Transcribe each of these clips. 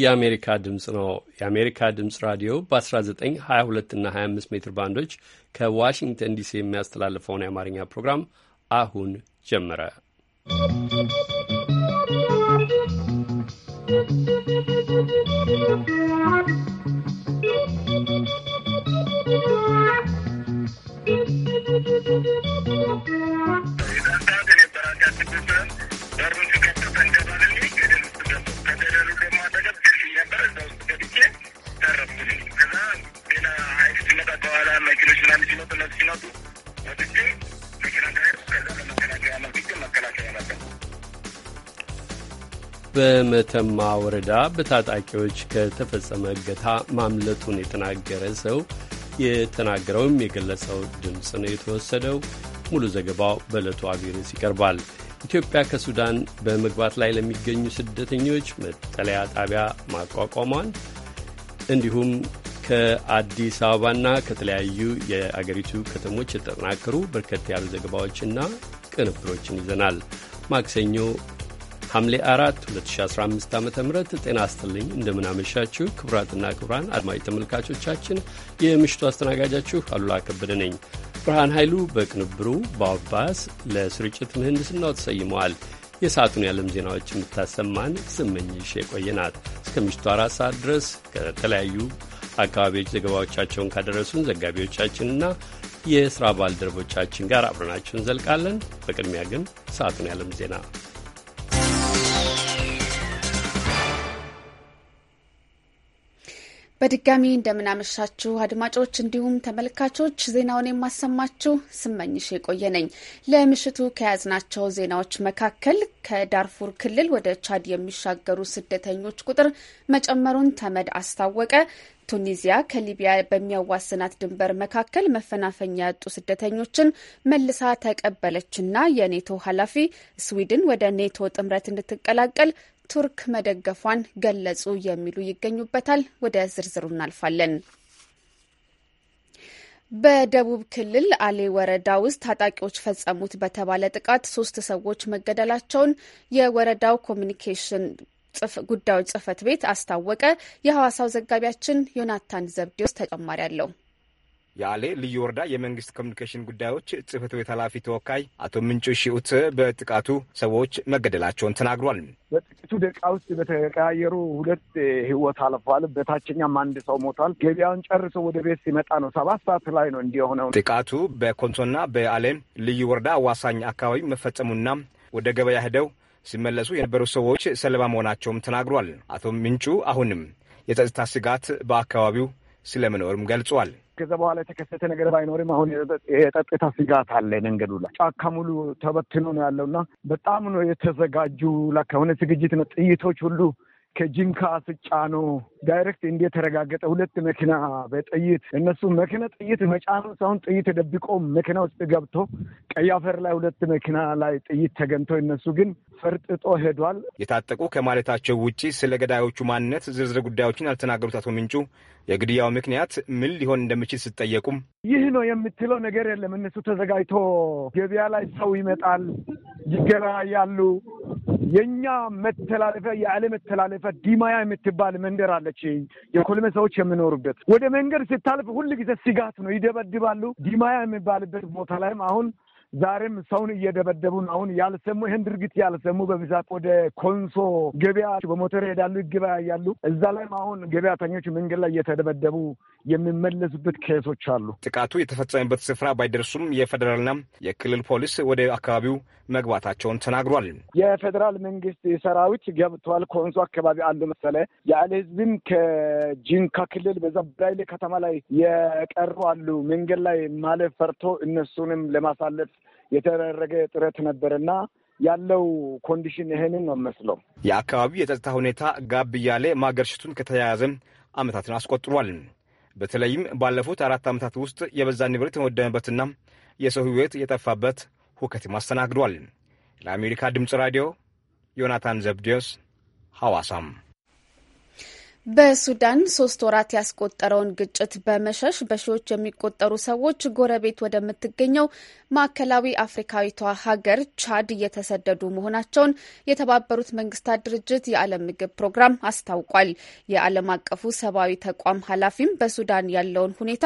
የአሜሪካ ድምፅ ነው። የአሜሪካ ድምፅ ራዲዮ በ 1922 እና 25 ሜትር ባንዶች ከዋሽንግተን ዲሲ የሚያስተላልፈውን የአማርኛ ፕሮግራም አሁን ጀመረ። መኪኖች ምናምን ሲመጡ ሲመጡ ወጥቼ በመተማ ወረዳ በታጣቂዎች ከተፈጸመ እገታ ማምለጡን የተናገረ ሰው የተናገረውም የገለጸው ድምፅ ነው የተወሰደው። ሙሉ ዘገባው በዕለቱ አቢርስ ይቀርባል። ኢትዮጵያ ከሱዳን በመግባት ላይ ለሚገኙ ስደተኞች መጠለያ ጣቢያ ማቋቋሟን እንዲሁም ከአዲስ አበባና ከተለያዩ የአገሪቱ ከተሞች የተጠናከሩ በርከት ያሉ ዘገባዎችና ቅንብሮችን ይዘናል። ማክሰኞ ሐምሌ 4 2015 ዓ ም ጤና ይስጥልኝ። እንደምናመሻችሁ ክቡራትና ክቡራን አድማጭ ተመልካቾቻችን የምሽቱ አስተናጋጃችሁ አሉላ ከበደ ነኝ። ብርሃን ኃይሉ በቅንብሩ በአባስ ለስርጭት ምህንድስናው ተሰይመዋል። የሰዓቱን የዓለም ዜናዎች የምታሰማን ስመኝሽ የቆየናት እስከ ምሽቱ አራት ሰዓት ድረስ ከተለያዩ አካባቢዎች ዘገባዎቻቸውን ካደረሱን ዘጋቢዎቻችንና የስራ ባልደረቦቻችን ጋር አብረናችሁ እንዘልቃለን። በቅድሚያ ግን ሰዓቱን ያለም ዜና በድጋሚ እንደምናመሻችሁ አድማጮች፣ እንዲሁም ተመልካቾች ዜናውን የማሰማችሁ ስመኝሽ የቆየ ነኝ። ለምሽቱ ከያዝናቸው ዜናዎች መካከል ከዳርፉር ክልል ወደ ቻድ የሚሻገሩ ስደተኞች ቁጥር መጨመሩን ተመድ አስታወቀ፣ ቱኒዚያ ከሊቢያ በሚያዋስናት ድንበር መካከል መፈናፈኛ ያጡ ስደተኞችን መልሳ ተቀበለችና የኔቶ ኃላፊ ስዊድን ወደ ኔቶ ጥምረት እንድትቀላቀል ቱርክ መደገፏን ገለጹ የሚሉ ይገኙበታል። ወደ ዝርዝሩ እናልፋለን። በደቡብ ክልል አሌ ወረዳ ውስጥ ታጣቂዎች ፈጸሙት በተባለ ጥቃት ሶስት ሰዎች መገደላቸውን የወረዳው ኮሚኒኬሽን ጉዳዮች ጽህፈት ቤት አስታወቀ። የሐዋሳው ዘጋቢያችን ዮናታን ዘብዴዎስ ተጨማሪ አለው። የአሌ ልዩ ወረዳ የመንግስት ኮሚኒኬሽን ጉዳዮች ጽህፈት ቤት ኃላፊ ተወካይ አቶ ምንጩ ሺዑት በጥቃቱ ሰዎች መገደላቸውን ተናግሯል። በጥቂቱ ደቂቃ ውስጥ በተቀያየሩ ሁለት ህይወት አልፏል። በታችኛም አንድ ሰው ሞቷል። ገበያውን ጨርሶ ወደ ቤት ሲመጣ ነው ሰባት ሰዓት ላይ ነው እንዲሆነው። ጥቃቱ በኮንሶና በአሌ ልዩ ወረዳ አዋሳኝ አካባቢ መፈጸሙና ወደ ገበያ ሄደው ሲመለሱ የነበሩ ሰዎች ሰለባ መሆናቸውም ተናግሯል። አቶ ምንጩ አሁንም የጸጥታ ስጋት በአካባቢው ስለመኖርም ገልጿል። ከዛ በኋላ የተከሰተ ነገር ባይኖርም አሁን የጸጥታ ስጋት አለ። መንገዱ ላይ ጫካ ሙሉ ተበትኖ ነው ያለውና በጣም ነው የተዘጋጁ ላከሆነ ዝግጅት ነው ጥይቶች ሁሉ ከጂንካ ስጫኖ ዳይሬክት እንደተረጋገጠ ሁለት መኪና በጥይት እነሱ መኪና ጥይት መጫኑ ሳይሆን ጥይት ደብቆ መኪና ውስጥ ገብቶ ቀይ አፈር ላይ ሁለት መኪና ላይ ጥይት ተገንቶ እነሱ ግን ፈርጥጦ ሄዷል። የታጠቁ ከማለታቸው ውጪ ስለ ገዳዮቹ ማንነት ዝርዝር ጉዳዮችን ያልተናገሩት አቶ ምንጩ የግድያው ምክንያት ምን ሊሆን እንደሚችል ስጠየቁም ይህ ነው የምትለው ነገር የለም። እነሱ ተዘጋጅቶ ገበያ ላይ ሰው ይመጣል፣ ይገበያያሉ። የእኛ መተላለፊያ የአለ መተላለፊያ ዲማያ የምትባል መንደር አለች፣ የኮልሜ ሰዎች የምኖሩበት ወደ መንገድ ስታልፍ ሁል ጊዜ ስጋት ነው፣ ይደበድባሉ። ዲማያ የሚባልበት ቦታ ላይም አሁን ዛሬም ሰውን እየደበደቡ ነው። አሁን ያልሰሙ ይህን ድርጊት ያልሰሙ በብዛት ወደ ኮንሶ ገበያ በሞተር ይሄዳሉ፣ ይገበያያሉ። እዛ ላይም አሁን ገበያተኞች መንገድ ላይ እየተደበደቡ የሚመለሱበት ኬሶች አሉ። ጥቃቱ የተፈጸመበት ስፍራ ባይደርሱም የፌዴራልና የክልል ፖሊስ ወደ አካባቢው መግባታቸውን ተናግሯል። የፌዴራል መንግስት ሰራዊት ገብተዋል። ኮንሶ አካባቢ አሉ መሰለ ያለ ህዝብም ከጂንካ ክልል በዛ ብራይሌ ከተማ ላይ የቀሩ አሉ። መንገድ ላይ ማለፍ ፈርቶ እነሱንም ለማሳለፍ የተደረገ ጥረት ነበርና ያለው ኮንዲሽን ይህንን ነው መስለው። የአካባቢው የጸጥታ ሁኔታ ጋብ እያለ ማገርሽቱን ከተያያዘ ዓመታትን አስቆጥሯል። በተለይም ባለፉት አራት ዓመታት ውስጥ የበዛ ንብረት የወደመበትና የሰው ሕይወት የጠፋበት ሁከትም አስተናግዷል። ለአሜሪካ ድምፅ ራዲዮ ዮናታን ዘብዴዎስ ሐዋሳም በሱዳን ሶስት ወራት ያስቆጠረውን ግጭት በመሸሽ በሺዎች የሚቆጠሩ ሰዎች ጎረቤት ወደምትገኘው ማዕከላዊ አፍሪካዊቷ ሀገር ቻድ እየተሰደዱ መሆናቸውን የተባበሩት መንግስታት ድርጅት የዓለም ምግብ ፕሮግራም አስታውቋል። የዓለም አቀፉ ሰብአዊ ተቋም ኃላፊም በሱዳን ያለውን ሁኔታ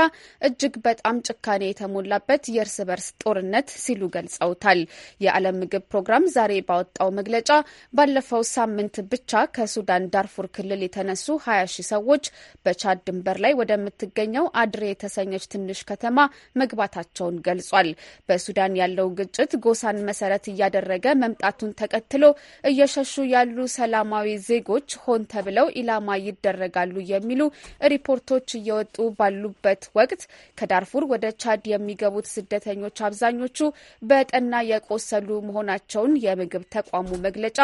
እጅግ በጣም ጭካኔ የተሞላበት የእርስ በርስ ጦርነት ሲሉ ገልጸውታል። የዓለም ምግብ ፕሮግራም ዛሬ ባወጣው መግለጫ ባለፈው ሳምንት ብቻ ከሱዳን ዳርፉር ክልል የተነሱ 20 ሺህ ሰዎች በቻድ ድንበር ላይ ወደምትገኘው አድሬ የተሰኘች ትንሽ ከተማ መግባታቸውን ገልጿል። በሱዳን ያለው ግጭት ጎሳን መሰረት እያደረገ መምጣቱን ተከትሎ እየሸሹ ያሉ ሰላማዊ ዜጎች ሆን ተብለው ኢላማ ይደረጋሉ የሚሉ ሪፖርቶች እየወጡ ባሉበት ወቅት ከዳርፉር ወደ ቻድ የሚገቡት ስደተኞች አብዛኞቹ በጠና የቆሰሉ መሆናቸውን የምግብ ተቋሙ መግለጫ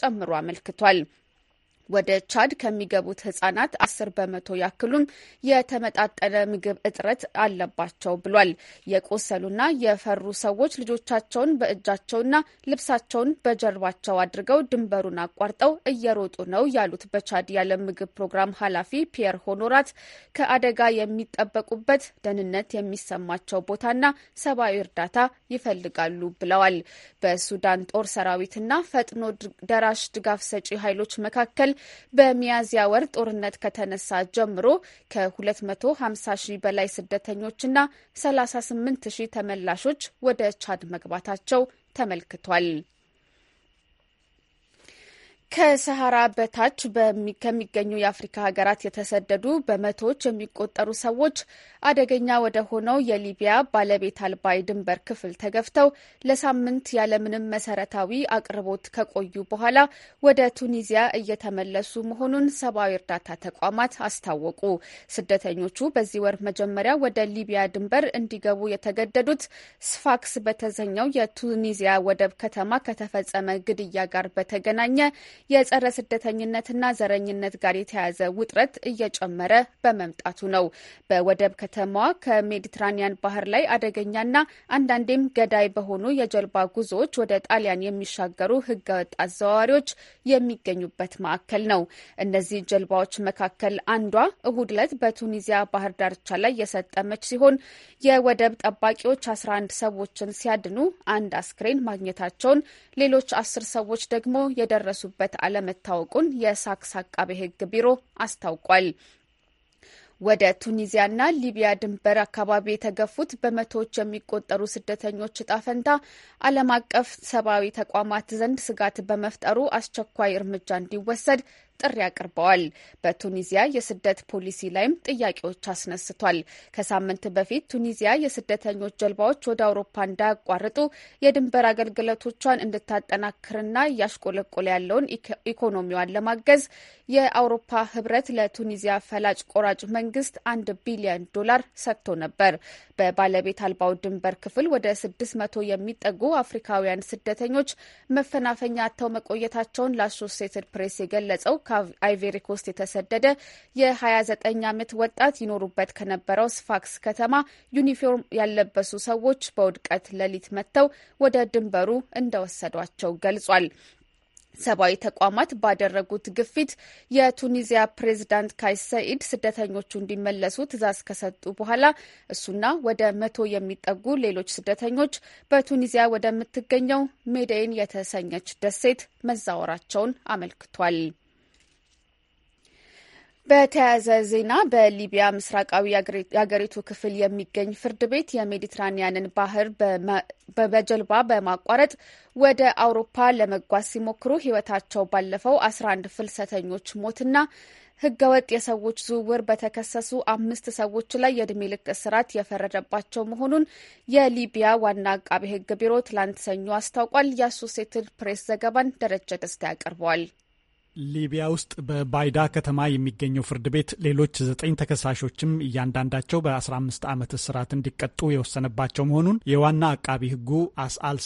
ጨምሮ አመልክቷል። ወደ ቻድ ከሚገቡት ህጻናት አስር በመቶ ያክሉም የተመጣጠነ ምግብ እጥረት አለባቸው ብሏል። የቆሰሉና የፈሩ ሰዎች ልጆቻቸውን በእጃቸውና ልብሳቸውን በጀርባቸው አድርገው ድንበሩን አቋርጠው እየሮጡ ነው ያሉት በቻድ የዓለም ምግብ ፕሮግራም ኃላፊ ፒየር ሆኖራት ከአደጋ የሚጠበቁበት ደህንነት የሚሰማቸው ቦታና ሰብአዊ እርዳታ ይፈልጋሉ ብለዋል። በሱዳን ጦር ሰራዊትና ፈጥኖ ደራሽ ድጋፍ ሰጪ ኃይሎች መካከል በሚያዝያ ወር ጦርነት ከተነሳ ጀምሮ ከ250 ሺህ በላይ ስደተኞችና 38 ሺህ ተመላሾች ወደ ቻድ መግባታቸው ተመልክቷል። ከሰሐራ በታች ከሚገኙ የአፍሪካ ሀገራት የተሰደዱ በመቶዎች የሚቆጠሩ ሰዎች አደገኛ ወደ ሆነው የሊቢያ ባለቤት አልባ የድንበር ክፍል ተገፍተው ለሳምንት ያለምንም መሰረታዊ አቅርቦት ከቆዩ በኋላ ወደ ቱኒዚያ እየተመለሱ መሆኑን ሰብአዊ እርዳታ ተቋማት አስታወቁ። ስደተኞቹ በዚህ ወር መጀመሪያ ወደ ሊቢያ ድንበር እንዲገቡ የተገደዱት ስፋክስ በተሰኘው የቱኒዚያ ወደብ ከተማ ከተፈጸመ ግድያ ጋር በተገናኘ የጸረ ስደተኝነትና ዘረኝነት ጋር የተያያዘ ውጥረት እየጨመረ በመምጣቱ ነው። በወደብ ከተማዋ ከሜዲትራኒያን ባህር ላይ አደገኛና አንዳንዴም ገዳይ በሆኑ የጀልባ ጉዞዎች ወደ ጣሊያን የሚሻገሩ ህገወጥ አዘዋዋሪዎች የሚገኙበት ማዕከል ነው። እነዚህ ጀልባዎች መካከል አንዷ እሁድ ዕለት በቱኒዚያ ባህር ዳርቻ ላይ የሰጠመች ሲሆን የወደብ ጠባቂዎች 11 ሰዎችን ሲያድኑ አንድ አስክሬን ማግኘታቸውን ሌሎች አስር ሰዎች ደግሞ የደረሱበት አለመታወቁን የሳክስ አቃቤ ሕግ ቢሮ አስታውቋል። ወደ ቱኒዚያና ሊቢያ ድንበር አካባቢ የተገፉት በመቶዎች የሚቆጠሩ ስደተኞች እጣ ፈንታ ዓለም አቀፍ ሰብአዊ ተቋማት ዘንድ ስጋት በመፍጠሩ አስቸኳይ እርምጃ እንዲወሰድ ጥሪ አቅርበዋል። በቱኒዚያ የስደት ፖሊሲ ላይም ጥያቄዎች አስነስቷል። ከሳምንት በፊት ቱኒዚያ የስደተኞች ጀልባዎች ወደ አውሮፓ እንዳያቋርጡ የድንበር አገልግሎቶቿን እንድታጠናክርና እያሽቆለቆለ ያለውን ኢኮኖሚዋን ለማገዝ የአውሮፓ ህብረት ለቱኒዚያ ፈላጭ ቆራጭ መንግስት አንድ ቢሊዮን ዶላር ሰጥቶ ነበር። በባለቤት አልባው ድንበር ክፍል ወደ ስድስት መቶ የሚጠጉ አፍሪካውያን ስደተኞች መፈናፈኛ አጥተው መቆየታቸውን ለአሶሴትድ ፕሬስ የገለጸው ከአይቬሪ ኮስት የተሰደደ የ29 ዓመት ወጣት ይኖሩበት ከነበረው ስፋክስ ከተማ ዩኒፎርም ያለበሱ ሰዎች በውድቀት ሌሊት መጥተው ወደ ድንበሩ እንደወሰዷቸው ገልጿል። ሰብአዊ ተቋማት ባደረጉት ግፊት የቱኒዚያ ፕሬዝዳንት ካይስ ሰኢድ ስደተኞቹ እንዲመለሱ ትዕዛዝ ከሰጡ በኋላ እሱና ወደ መቶ የሚጠጉ ሌሎች ስደተኞች በቱኒዚያ ወደምትገኘው ሜዴይን የተሰኘች ደሴት መዛወራቸውን አመልክቷል። በተያያዘ ዜና በሊቢያ ምስራቃዊ የአገሪቱ ክፍል የሚገኝ ፍርድ ቤት የሜዲትራኒያንን ባህር በጀልባ በማቋረጥ ወደ አውሮፓ ለመጓዝ ሲሞክሩ ሕይወታቸው ባለፈው 11 ፍልሰተኞች ሞትና ህገወጥ የሰዎች ዝውውር በተከሰሱ አምስት ሰዎች ላይ የእድሜ ልክ እስራት የፈረደባቸው መሆኑን የሊቢያ ዋና አቃቤ ሕግ ቢሮ ትላንት ሰኞ አስታውቋል። የአሶሴትድ ፕሬስ ዘገባን ደረጀ ደስታ ያቀርበዋል። ሊቢያ ውስጥ በባይዳ ከተማ የሚገኘው ፍርድ ቤት ሌሎች ዘጠኝ ተከሳሾችም እያንዳንዳቸው በ15 ዓመት እስራት እንዲቀጡ የወሰነባቸው መሆኑን የዋና አቃቢ ሕጉ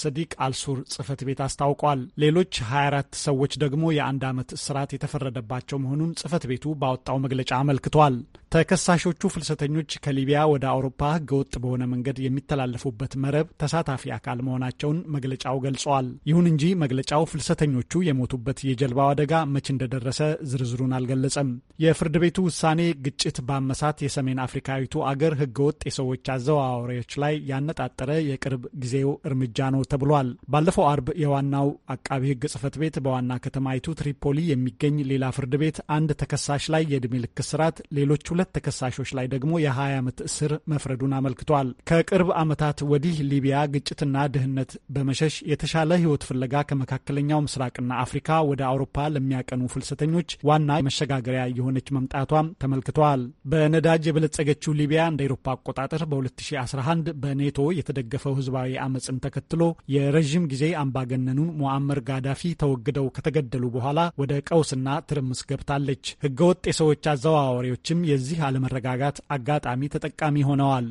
ሰዲቅ አልሱር ጽህፈት ቤት አስታውቋል። ሌሎች 24 ሰዎች ደግሞ የአንድ ዓመት እስራት የተፈረደባቸው መሆኑን ጽህፈት ቤቱ ባወጣው መግለጫ አመልክቷል። ተከሳሾቹ ፍልሰተኞች ከሊቢያ ወደ አውሮፓ ህገወጥ በሆነ መንገድ የሚተላለፉበት መረብ ተሳታፊ አካል መሆናቸውን መግለጫው ገልጿል። ይሁን እንጂ መግለጫው ፍልሰተኞቹ የሞቱበት የጀልባው አደጋ መች እንደደረሰ ዝርዝሩን አልገለጸም። የፍርድ ቤቱ ውሳኔ ግጭት ባመሳት የሰሜን አፍሪካዊቱ አገር ህገወጥ የሰዎች አዘዋዋሪዎች ላይ ያነጣጠረ የቅርብ ጊዜው እርምጃ ነው ተብሏል። ባለፈው አርብ የዋናው አቃቢ ህግ ጽህፈት ቤት በዋና ከተማይቱ ትሪፖሊ የሚገኝ ሌላ ፍርድ ቤት አንድ ተከሳሽ ላይ የዕድሜ ልክ እስራት ሌሎች በሁለት ተከሳሾች ላይ ደግሞ የ20 ዓመት እስር መፍረዱን አመልክቷል። ከቅርብ ዓመታት ወዲህ ሊቢያ ግጭትና ድህነት በመሸሽ የተሻለ ሕይወት ፍለጋ ከመካከለኛው ምስራቅና አፍሪካ ወደ አውሮፓ ለሚያቀኑ ፍልሰተኞች ዋና መሸጋገሪያ የሆነች መምጣቷም ተመልክተዋል። በነዳጅ የበለጸገችው ሊቢያ እንደ ኤሮፓ አቆጣጠር በ2011 በኔቶ የተደገፈው ህዝባዊ አመፅን ተከትሎ የረዥም ጊዜ አምባገነኑን ሞአመር ጋዳፊ ተወግደው ከተገደሉ በኋላ ወደ ቀውስና ትርምስ ገብታለች። ህገወጥ የሰዎች አዘዋዋሪዎችም የዚህ ለዚህ አለመረጋጋት አጋጣሚ ተጠቃሚ ሆነዋል።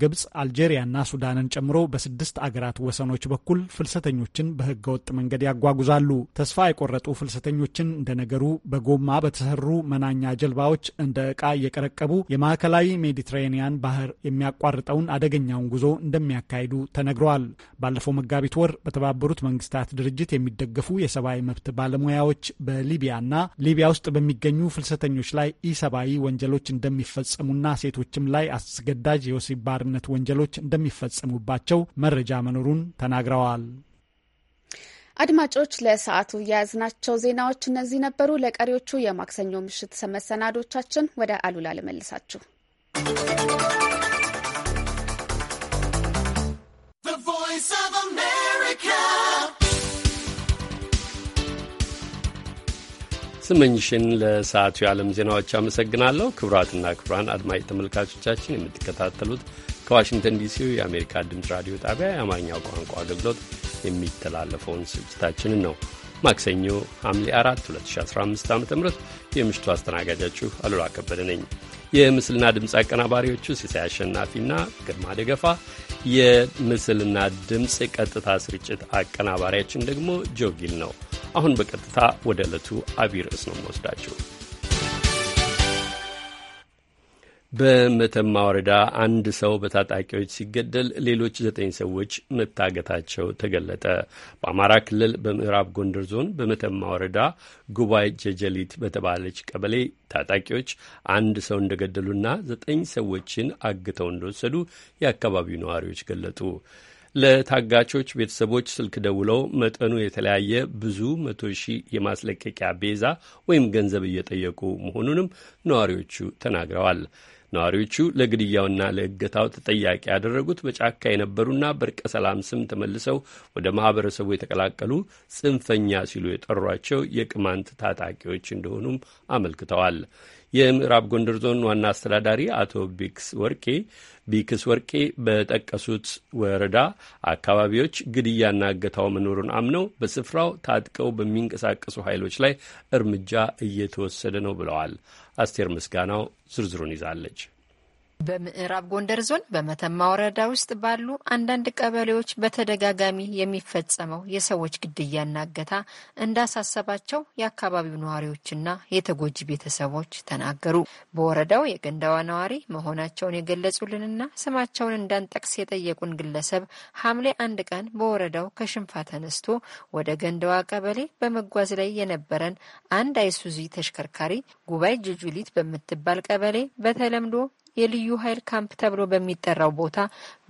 ግብፅ፣ አልጄሪያና ሱዳንን ጨምሮ በስድስት አገራት ወሰኖች በኩል ፍልሰተኞችን ወጥ መንገድ ያጓጉዛሉ። ተስፋ የቆረጡ ፍልሰተኞችን እንደ ነገሩ በጎማ በተሰሩ መናኛ ጀልባዎች እንደ ዕቃ እየቀረቀቡ የማዕከላዊ ሜዲትሬኒያን ባህር የሚያቋርጠውን አደገኛውን ጉዞ እንደሚያካሂዱ ተነግረዋል። ባለፈው መጋቢት ወር በተባበሩት መንግስታት ድርጅት የሚደገፉ የሰብአዊ መብት ባለሙያዎች በሊቢያና ሊቢያ ውስጥ በሚገኙ ፍልሰተኞች ላይ ኢሰብአዊ ወንጀሎች እንደሚፈጸሙና ሴቶችም ላይ አስገዳጅ የወሲብ ባር የአሸባሪነት ወንጀሎች እንደሚፈጸሙባቸው መረጃ መኖሩን ተናግረዋል። አድማጮች ለሰዓቱ የያዝናቸው ዜናዎች እነዚህ ነበሩ። ለቀሪዎቹ የማክሰኞ ምሽት መሰናዶቻችን ወደ አሉላ ልመልሳችሁ። ስመኝሽን ለሰዓቱ የዓለም ዜናዎች አመሰግናለሁ። ክቡራትና ክቡራን አድማጭ ተመልካቾቻችን የምትከታተሉት ከዋሽንግተን ዲሲው የአሜሪካ ድምፅ ራዲዮ ጣቢያ የአማርኛው ቋንቋ አገልግሎት የሚተላለፈውን ስርጭታችንን ነው። ማክሰኞ ሐምሌ 4 2015 ዓ ም የምሽቱ አስተናጋጃችሁ አሉላ ከበደ ነኝ። የምስልና ድምፅ አቀናባሪዎቹ ሲሳይ አሸናፊና ግርማ ደገፋ፣ የምስልና ድምፅ ቀጥታ ስርጭት አቀናባሪያችን ደግሞ ጆጊል ነው። አሁን በቀጥታ ወደ ዕለቱ አቢይ ርዕስ ነው መወስዳችሁ በመተማ ወረዳ አንድ ሰው በታጣቂዎች ሲገደል ሌሎች ዘጠኝ ሰዎች መታገታቸው ተገለጠ። በአማራ ክልል በምዕራብ ጎንደር ዞን በመተማ ወረዳ ጉባይ ጀጀሊት በተባለች ቀበሌ ታጣቂዎች አንድ ሰው እንደገደሉና ዘጠኝ ሰዎችን አግተው እንደወሰዱ የአካባቢው ነዋሪዎች ገለጡ። ለታጋቾች ቤተሰቦች ስልክ ደውለው መጠኑ የተለያየ ብዙ መቶ ሺህ የማስለቀቂያ ቤዛ ወይም ገንዘብ እየጠየቁ መሆኑንም ነዋሪዎቹ ተናግረዋል። ነዋሪዎቹ ለግድያውና ለእገታው ተጠያቂ ያደረጉት በጫካ የነበሩና በርቀ ሰላም ስም ተመልሰው ወደ ማህበረሰቡ የተቀላቀሉ ጽንፈኛ ሲሉ የጠሯቸው የቅማንት ታጣቂዎች እንደሆኑም አመልክተዋል። የምዕራብ ጎንደር ዞን ዋና አስተዳዳሪ አቶ ቢክስ ወርቄ ቢክስ ወርቄ በጠቀሱት ወረዳ አካባቢዎች ግድያና እገታው መኖሩን አምነው በስፍራው ታጥቀው በሚንቀሳቀሱ ኃይሎች ላይ እርምጃ እየተወሰደ ነው ብለዋል። አስቴር ምስጋናው ዝርዝሩን ይዛለች። በምዕራብ ጎንደር ዞን በመተማ ወረዳ ውስጥ ባሉ አንዳንድ ቀበሌዎች በተደጋጋሚ የሚፈጸመው የሰዎች ግድያና እገታ እንዳሳሰባቸው የአካባቢው ነዋሪዎችና የተጎጂ ቤተሰቦች ተናገሩ። በወረዳው የገንዳዋ ነዋሪ መሆናቸውን የገለጹልንና ስማቸውን እንዳንጠቅስ የጠየቁን ግለሰብ ሐምሌ አንድ ቀን በወረዳው ከሽንፋ ተነስቶ ወደ ገንዳዋ ቀበሌ በመጓዝ ላይ የነበረን አንድ አይሱዚ ተሽከርካሪ ጉባኤ ጅጁሊት በምትባል ቀበሌ በተለምዶ የልዩ ኃይል ካምፕ ተብሎ በሚጠራው ቦታ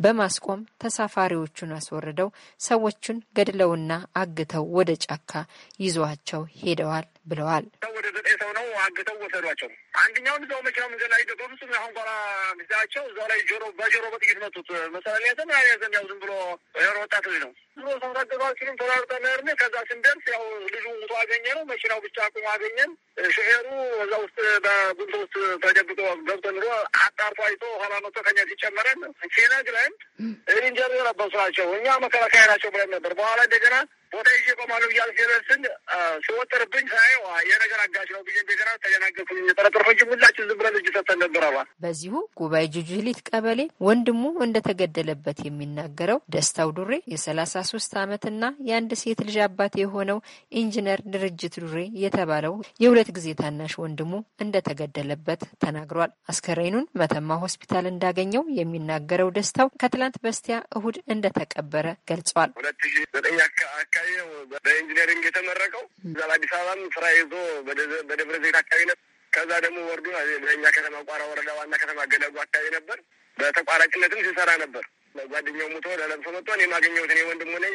በማስቆም ተሳፋሪዎቹን አስወርደው ሰዎቹን ገድለውና አግተው ወደ ጫካ ይዘዋቸው ሄደዋል ብለዋል። ወደ ዘጠኝ ሰው ነው አግተው ወሰዷቸው። አንደኛውን እዛው መኪና መንገድ ላይ ደገሩት። አሁን ኳላ ጊዜያቸው እዛው ላይ ጆሮ በጆሮ በጥይት መቱት። መሰለል ያዘን ያዘን ያው ዝም ብሎ ሮ ወጣት ልጅ ነው ብሎ ሰው ተራርጠ ነርን ከዛ ስንደርስ ያው ልጁ ሙቶ አገኘ ነው። መኪናው ብቻ አቁሞ አገኘን። ሹፌሩ እዛ ውስጥ በጉንቶ ውስጥ ተደብቆ ገብቶ ኑሮ አጣርቶ አይቶ ኋላ መቶ ከኛ ሲጨመረን ሲነግረ ብለን ኢንጂነር ነበሩ ናቸው እኛ መከላከያ ናቸው ብለን ነበር። በኋላ እንደገና ቦታ ይዤ ቆማለሁ እያልኩ ሲደርስን ሲወጥርብኝ ሳየው የነገር አጋሽ ነው ብዬ እንደገና ተደናገርኩኝ። የጠረጠርኩኝ ሁላችን ዝም ብለን እጅ ሰጥተን ነበር አሏል። በዚሁ ጉባኤ ጅጅሊት ቀበሌ ወንድሙ እንደተገደለበት የሚናገረው ደስታው ዱሬ የሰላሳ ሶስት አመትና የአንድ ሴት ልጅ አባት የሆነው ኢንጂነር ድርጅት ዱሬ የተባለው የሁለት ጊዜ ታናሽ ወንድሙ እንደተገደለበት ተናግሯል። አስከሬኑን መተማ ሆስፒታል እንዳገኘው የሚናገረው ደስታው ከትላንት በስቲያ እሁድ እንደተቀበረ ገልጿል። ሁለት ዘጠኝ አካባቢ ያየው ነው በኢንጂነሪንግ የተመረቀው። እዛ በአዲስ አበባም ስራ ይዞ በደብረ ዘይት አካባቢ ነበር። ከዛ ደግሞ ወርዱ ለእኛ ከተማ ቋራ ወረዳ ዋና ከተማ ገለጉ አካባቢ ነበር። በተቋራጭነትም ሲሰራ ነበር። ጓደኛው ሙቶ ለለምሶ መጥቶ እኔ ማገኘሁት እኔ ወንድሙ ነኝ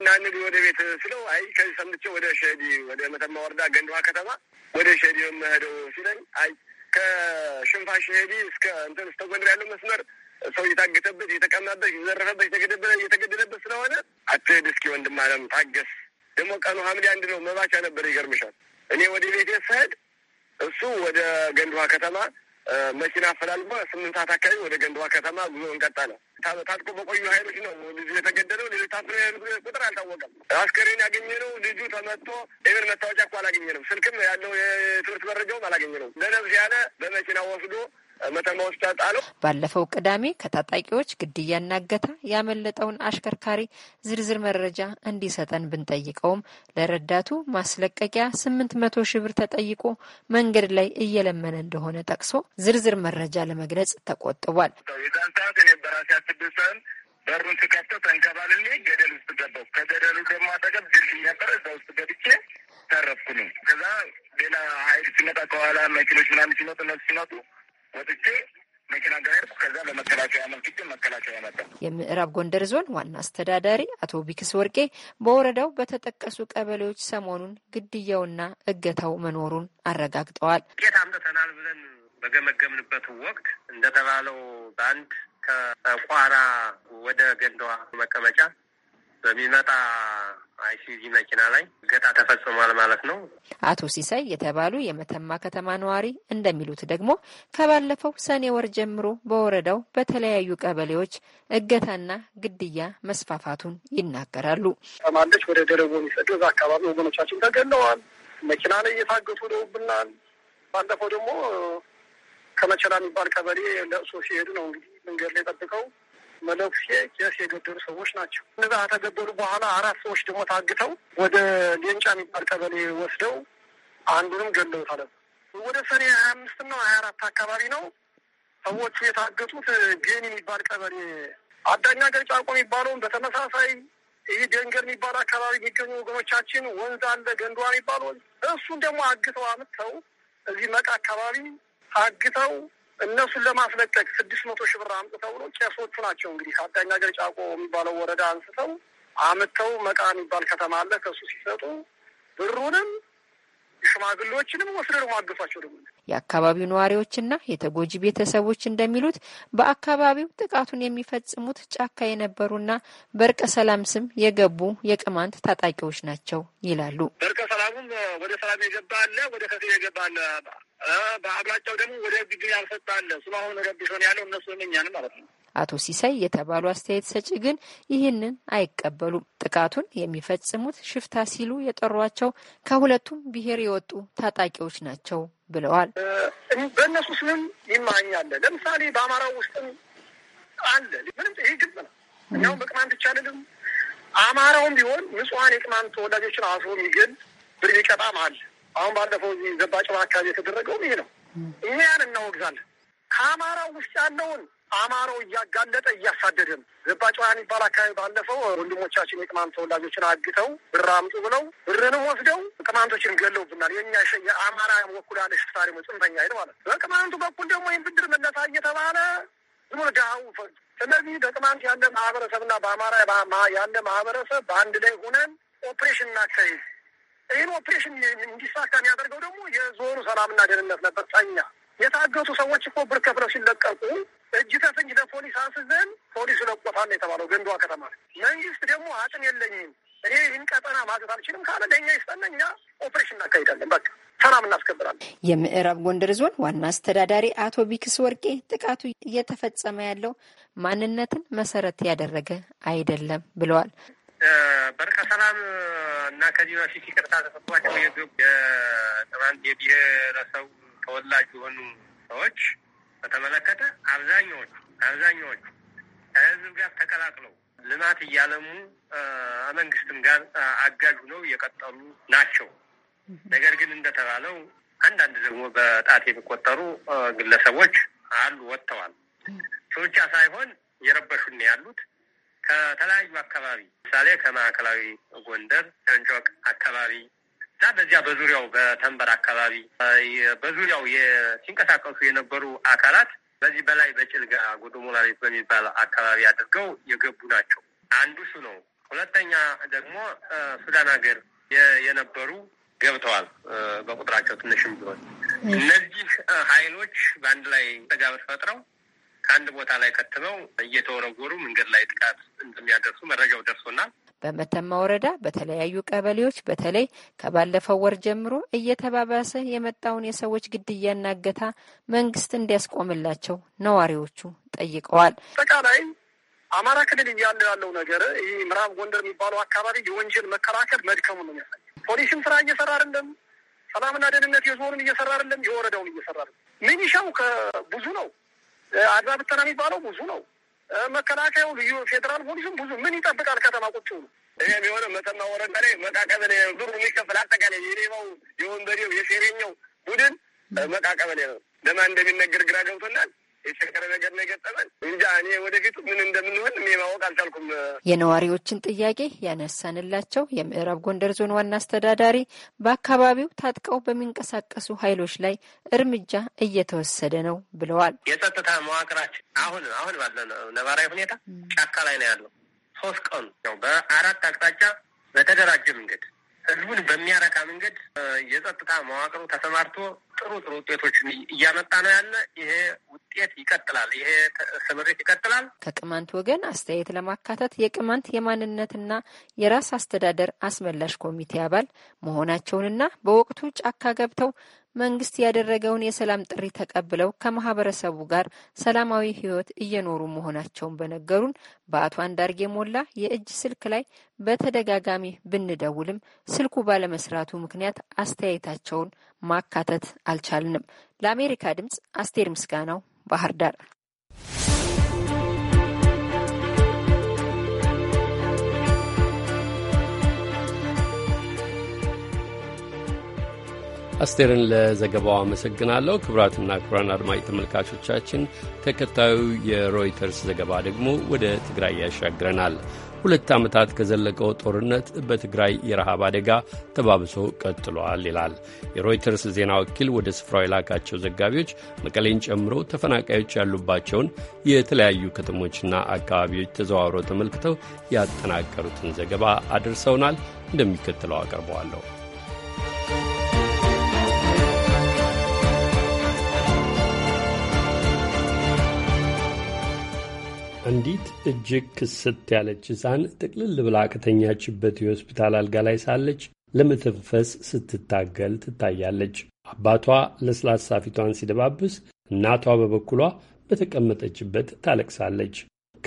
እና ንግ ወደ ቤት ስለው አይ ከዚህ ሰምቼ ወደ ሸዲ ወደ መተማ ወረዳ ገንድዋ ከተማ ወደ ሸዲ የምሄደው ሲለኝ አይ ከሽንፋ ሸዲ እስከ እንትን እስከ ጎንደር ያለው መስመር ሰው እየታገተበት እየተቀማበት እየተዘረፈበት እየተገደለበት ስለሆነ አትሄድ እስኪ ወንድም አለም ታገስ። ደግሞ ቀኑ ሐምሌ አንድ ነው መባቻ ነበር። ይገርምሻል እኔ ወደ ቤት ስሄድ እሱ ወደ ገንድዋ ከተማ መኪና አፈላልጎ ስምንት ሰዓት አካባቢ ወደ ገንድዋ ከተማ ጉዞ እንቀጣ ነው። ታጥቆ በቆዩ ኃይሎች ነው ልጁ የተገደለው። ሌሎች ታፍኖ ቁጥር አልታወቀም። አስከሬን ያገኘ ነው ልጁ ተመቶ ኤቨር መታወቂያ እኮ አላገኘ ነው። ስልክም ያለው የትምህርት መረጃውም አላገኘ ነው። ለነብስ ያለ በመኪና ወስዶ መተማ ውስጥ ያጣለው። ባለፈው ቅዳሜ ከታጣቂዎች ግድያና እገታ ያመለጠውን አሽከርካሪ ዝርዝር መረጃ እንዲሰጠን ብንጠይቀውም ለረዳቱ ማስለቀቂያ ስምንት መቶ ሺህ ብር ተጠይቆ መንገድ ላይ እየለመነ እንደሆነ ጠቅሶ ዝርዝር መረጃ ለመግለጽ ተቆጥቧል። የዛን ሰዓት እኔ በራሴ አስብሰን በሩን ስከፍተው ተንከባልሌ ገደል ውስጥ ገባሁ። ከገደሉ ደግሞ አጠገብ ድልድይ ነበረ። እዛ ውስጥ ገብቼ ተረፍኩ ነው። ከዛ ሌላ ሀይል ሲመጣ ከኋላ መኪኖች ምናምን ሲመጡ እነሱ ሲመጡ ወጥቼ መኪና ጋርኩ። ከዛ በመከላከያ መልክቼ መከላከያ መጣ። የምዕራብ ጎንደር ዞን ዋና አስተዳዳሪ አቶ ቢክስ ወርቄ በወረዳው በተጠቀሱ ቀበሌዎች ሰሞኑን ግድያውና እገታው መኖሩን አረጋግጠዋል። ጌታ አምጥተናል ብለን በገመገምንበት ወቅት እንደተባለው በአንድ ከቋራ ወደ ገንዳዋ መቀመጫ በሚመጣ አይሲዚ መኪና ላይ እገታ ተፈጽሟል ማለት ነው። አቶ ሲሳይ የተባሉ የመተማ ከተማ ነዋሪ እንደሚሉት ደግሞ ከባለፈው ሰኔ ወር ጀምሮ በወረዳው በተለያዩ ቀበሌዎች እገታና ግድያ መስፋፋቱን ይናገራሉ። ተማለች ወደ ደረጎ የሚሰደው እዛ አካባቢ ወገኖቻችን ተገለዋል። መኪና ላይ እየታገቱ ደውብናል። ባለፈው ደግሞ ከመቸላ የሚባል ቀበሌ ለእሶ ሲሄዱ ነው እንግዲህ መንገድ ላይ ጠብቀው መለኩሴ ቄስ የገደሉ ሰዎች ናቸው። እነዛ ከተገደሉ በኋላ አራት ሰዎች ደግሞ ታግተው ወደ ሌንጫ የሚባል ቀበሌ ወስደው አንዱንም ገለውታል። ወደ ሰኔ ሀያ አምስት ነው ሀያ አራት አካባቢ ነው ሰዎቹ የታገቱት ጌን የሚባል ቀበሌ አዳኛ ገር ጫቆ የሚባለውን በተመሳሳይ ይህ ደንገር የሚባል አካባቢ የሚገኙ ወገኖቻችን ወንዝ አለ ገንዷ የሚባል ወንዝ እሱን ደግሞ አግተው አምጥተው እዚህ መቃ አካባቢ አግተው እነሱን ለማስለቀቅ ስድስት መቶ ሺህ ብር አምጥተው ነው ቄሶቹ ናቸው እንግዲህ ከአዳኝ ሀገር ጫቆ የሚባለው ወረዳ አንስተው አምጥተው መቃ የሚባል ከተማ አለ ከእሱ ሲሰጡ ብሩንም ሽማግሌዎችንም ወስደ ደግሞ ደግሞ የአካባቢው ነዋሪዎችና የተጎጂ ቤተሰቦች እንደሚሉት በአካባቢው ጥቃቱን የሚፈጽሙት ጫካ የነበሩና በእርቀ ሰላም ስም የገቡ የቅማንት ታጣቂዎች ናቸው ይላሉ። በእርቀ ሰላሙም ወደ ሰላም የገባ አለ፣ ወደ ከዚህ የገባ አለ። በአብላጫው ደግሞ ወደ ግድ ያልፈጣለ ስለአሁን ረብሾን ያለው እነሱ እኛን ማለት ነው። አቶ ሲሳይ የተባሉ አስተያየት ሰጪ ግን ይህንን አይቀበሉም። ጥቃቱን የሚፈጽሙት ሽፍታ ሲሉ የጠሯቸው ከሁለቱም ብሔር የወጡ ታጣቂዎች ናቸው ብለዋል። በእነሱ ስምም ይማኛለ። ለምሳሌ በአማራው ውስጥም አለ። ምንም ይህ ግብ ነው። እኛውም በቅማንት ይቻልልም። አማራውም ቢሆን ንጹሐን የቅማንት ተወላጆችን አስሮ የሚገል ብር ይቀጣም አለ አሁን ባለፈው እዚህ ዘባጭባ አካባቢ የተደረገውም ይሄ ነው። እኛ ያን እናወግዛለን። ከአማራው ውስጥ ያለውን አማራው እያጋለጠ እያሳደደም ዘባጭባ የሚባል አካባቢ ባለፈው ወንድሞቻችን የቅማንት ተወላጆችን አግተው ብር አምጡ ብለው ብርንም ወስደው ቅማንቶችን ገለውብናል። የኛ የአማራ በኩል ያለ ሽፍታ ደግሞ ጽንፈኛ ኃይል ማለት ነው። በቅማንቱ በኩል ደግሞ ይህን ብድር መለሳ እየተባለ ዝም ድሃው ስለዚህ በቅማንት ያለ ማህበረሰብና በአማራ ያለ ማህበረሰብ በአንድ ላይ ሁነን ኦፕሬሽን እናካሄድ ይህን ኦፕሬሽን እንዲሳካ የሚያደርገው ደግሞ የዞኑ ሰላምና ደህንነት ነበር። ጸኛ የታገቱ ሰዎች እኮ ብር ከፍለው ሲለቀቁ እጅ ከፍንጅ ለፖሊስ አንስዘን ፖሊስ ለቆታል የተባለው ገንዷ ከተማ። መንግስት ደግሞ አቅም የለኝም እኔ ይህን ቀጠና ማዘት አልችልም ካለ ለእኛ ይስጠነኛ ኦፕሬሽን እናካሂዳለን በቃ ሰላም እናስከብራለን። የምዕራብ ጎንደር ዞን ዋና አስተዳዳሪ አቶ ቢክስ ወርቄ ጥቃቱ እየተፈጸመ ያለው ማንነትን መሰረት ያደረገ አይደለም ብለዋል። በርቀ ሰላም እና ከዚህ በፊት ይቅርታ ተሰጥቷቸው የገቡ የትናንት የብሔረሰቡ ተወላጅ የሆኑ ሰዎች በተመለከተ አብዛኛዎቹ አብዛኛዎቹ ከህዝብ ጋር ተቀላቅለው ልማት እያለሙ መንግስትም ጋር አጋዥ ነው የቀጠሉ ናቸው። ነገር ግን እንደተባለው አንዳንድ ደግሞ በጣት የሚቆጠሩ ግለሰቦች አሉ፣ ወጥተዋል። ሰዎቻ ሳይሆን የረበሹን ያሉት ከተለያዩ አካባቢ ምሳሌ ከማዕከላዊ ጎንደር ጨንጮቅ አካባቢ እና በዚያ በዙሪያው በተንበር አካባቢ በዙሪያው ሲንቀሳቀሱ የነበሩ አካላት በዚህ በላይ በጭልጋ ጉድሙላ በሚባል አካባቢ አድርገው የገቡ ናቸው። አንዱ እሱ ነው። ሁለተኛ ደግሞ ሱዳን ሀገር የነበሩ ገብተዋል። በቁጥራቸው ትንሽም ቢሆን እነዚህ ኃይሎች በአንድ ላይ ተጋብር ፈጥረው ከአንድ ቦታ ላይ ከትበው እየተወረወሩ መንገድ ላይ ጥቃት እንደሚያደርሱ መረጃው ደርሶናል። በመተማ ወረዳ በተለያዩ ቀበሌዎች በተለይ ከባለፈው ወር ጀምሮ እየተባባሰ የመጣውን የሰዎች ግድያና እገታ መንግስት እንዲያስቆምላቸው ነዋሪዎቹ ጠይቀዋል። አጠቃላይ አማራ ክልል እያለ ያለው ነገር ይህ ምዕራብ ጎንደር የሚባለው አካባቢ የወንጀል መከላከል መድከሙ ነው የሚያሳይ። ፖሊስም ስራ እየሰራ አይደለም። ሰላምና ደህንነት የዞኑን እየሰራ አይደለም። የወረዳውን እየሰራ አይደለም። ሚሊሻው ከብዙ ነው አድማ ብተና የሚባለው ብዙ ነው። መከላከያው፣ ልዩ ፌዴራል ፖሊስም ብዙ ምን ይጠብቃል? ከተማ ቁጭ ብሎ ይህ የሚሆነው መተማ ወረዳ ላይ መቃቀበሌ ብሩ የሚከፍል አጠቃላይ የሌባው የወንበዴው የሴሬኛው ቡድን መቃቀበል ነው። ለማን እንደሚነገር ግራ ገብቶናል። የቸገረ ነገር ነው የገጠመን። እንጃ እኔ ወደፊቱ ምን እንደምንሆን እኔ ማወቅ አልቻልኩም። የነዋሪዎችን ጥያቄ ያነሳንላቸው የምዕራብ ጎንደር ዞን ዋና አስተዳዳሪ በአካባቢው ታጥቀው በሚንቀሳቀሱ ኃይሎች ላይ እርምጃ እየተወሰደ ነው ብለዋል። የጸጥታ መዋቅራችን አሁን አሁን ባለ ነባራዊ ሁኔታ ጫካ ላይ ነው ያለው። ሶስት ቀን ነው በአራት አቅጣጫ በተደራጀ መንገድ ህዝቡን በሚያረካ መንገድ የጸጥታ መዋቅሩ ተሰማርቶ ጥሩ ጥሩ ውጤቶችን እያመጣ ነው ያለ። ይሄ ውጤት ይቀጥላል። ይሄ ስምሪት ይቀጥላል። ከቅማንት ወገን አስተያየት ለማካተት የቅማንት የማንነትና የራስ አስተዳደር አስመላሽ ኮሚቴ አባል መሆናቸውንና በወቅቱ ጫካ ገብተው መንግስት ያደረገውን የሰላም ጥሪ ተቀብለው ከማህበረሰቡ ጋር ሰላማዊ ህይወት እየኖሩ መሆናቸውን በነገሩን በአቶ አንዳርጌ ሞላ የእጅ ስልክ ላይ በተደጋጋሚ ብንደውልም ስልኩ ባለመስራቱ ምክንያት አስተያየታቸውን ማካተት አልቻልንም። ለአሜሪካ ድምጽ አስቴር ምስጋናው ባህር ዳር። አስቴርን ለዘገባው አመሰግናለሁ። ክቡራትና ክቡራን አድማጭ ተመልካቾቻችን ተከታዩ የሮይተርስ ዘገባ ደግሞ ወደ ትግራይ ያሻግረናል። ሁለት ዓመታት ከዘለቀው ጦርነት በትግራይ የረሃብ አደጋ ተባብሶ ቀጥሏል ይላል የሮይተርስ ዜና ወኪል። ወደ ስፍራው የላካቸው ዘጋቢዎች መቀሌን ጨምሮ ተፈናቃዮች ያሉባቸውን የተለያዩ ከተሞችና አካባቢዎች ተዘዋውረው ተመልክተው ያጠናቀሩትን ዘገባ አድርሰውናል። እንደሚከተለው አቀርበዋለሁ። አንዲት እጅግ ክስት ያለች ሕፃን ጥቅልል ብላ ከተኛችበት የሆስፒታል አልጋ ላይ ሳለች ለመተንፈስ ስትታገል ትታያለች። አባቷ ለስላሳ ፊቷን ሲደባብስ፣ እናቷ በበኩሏ በተቀመጠችበት ታለቅሳለች።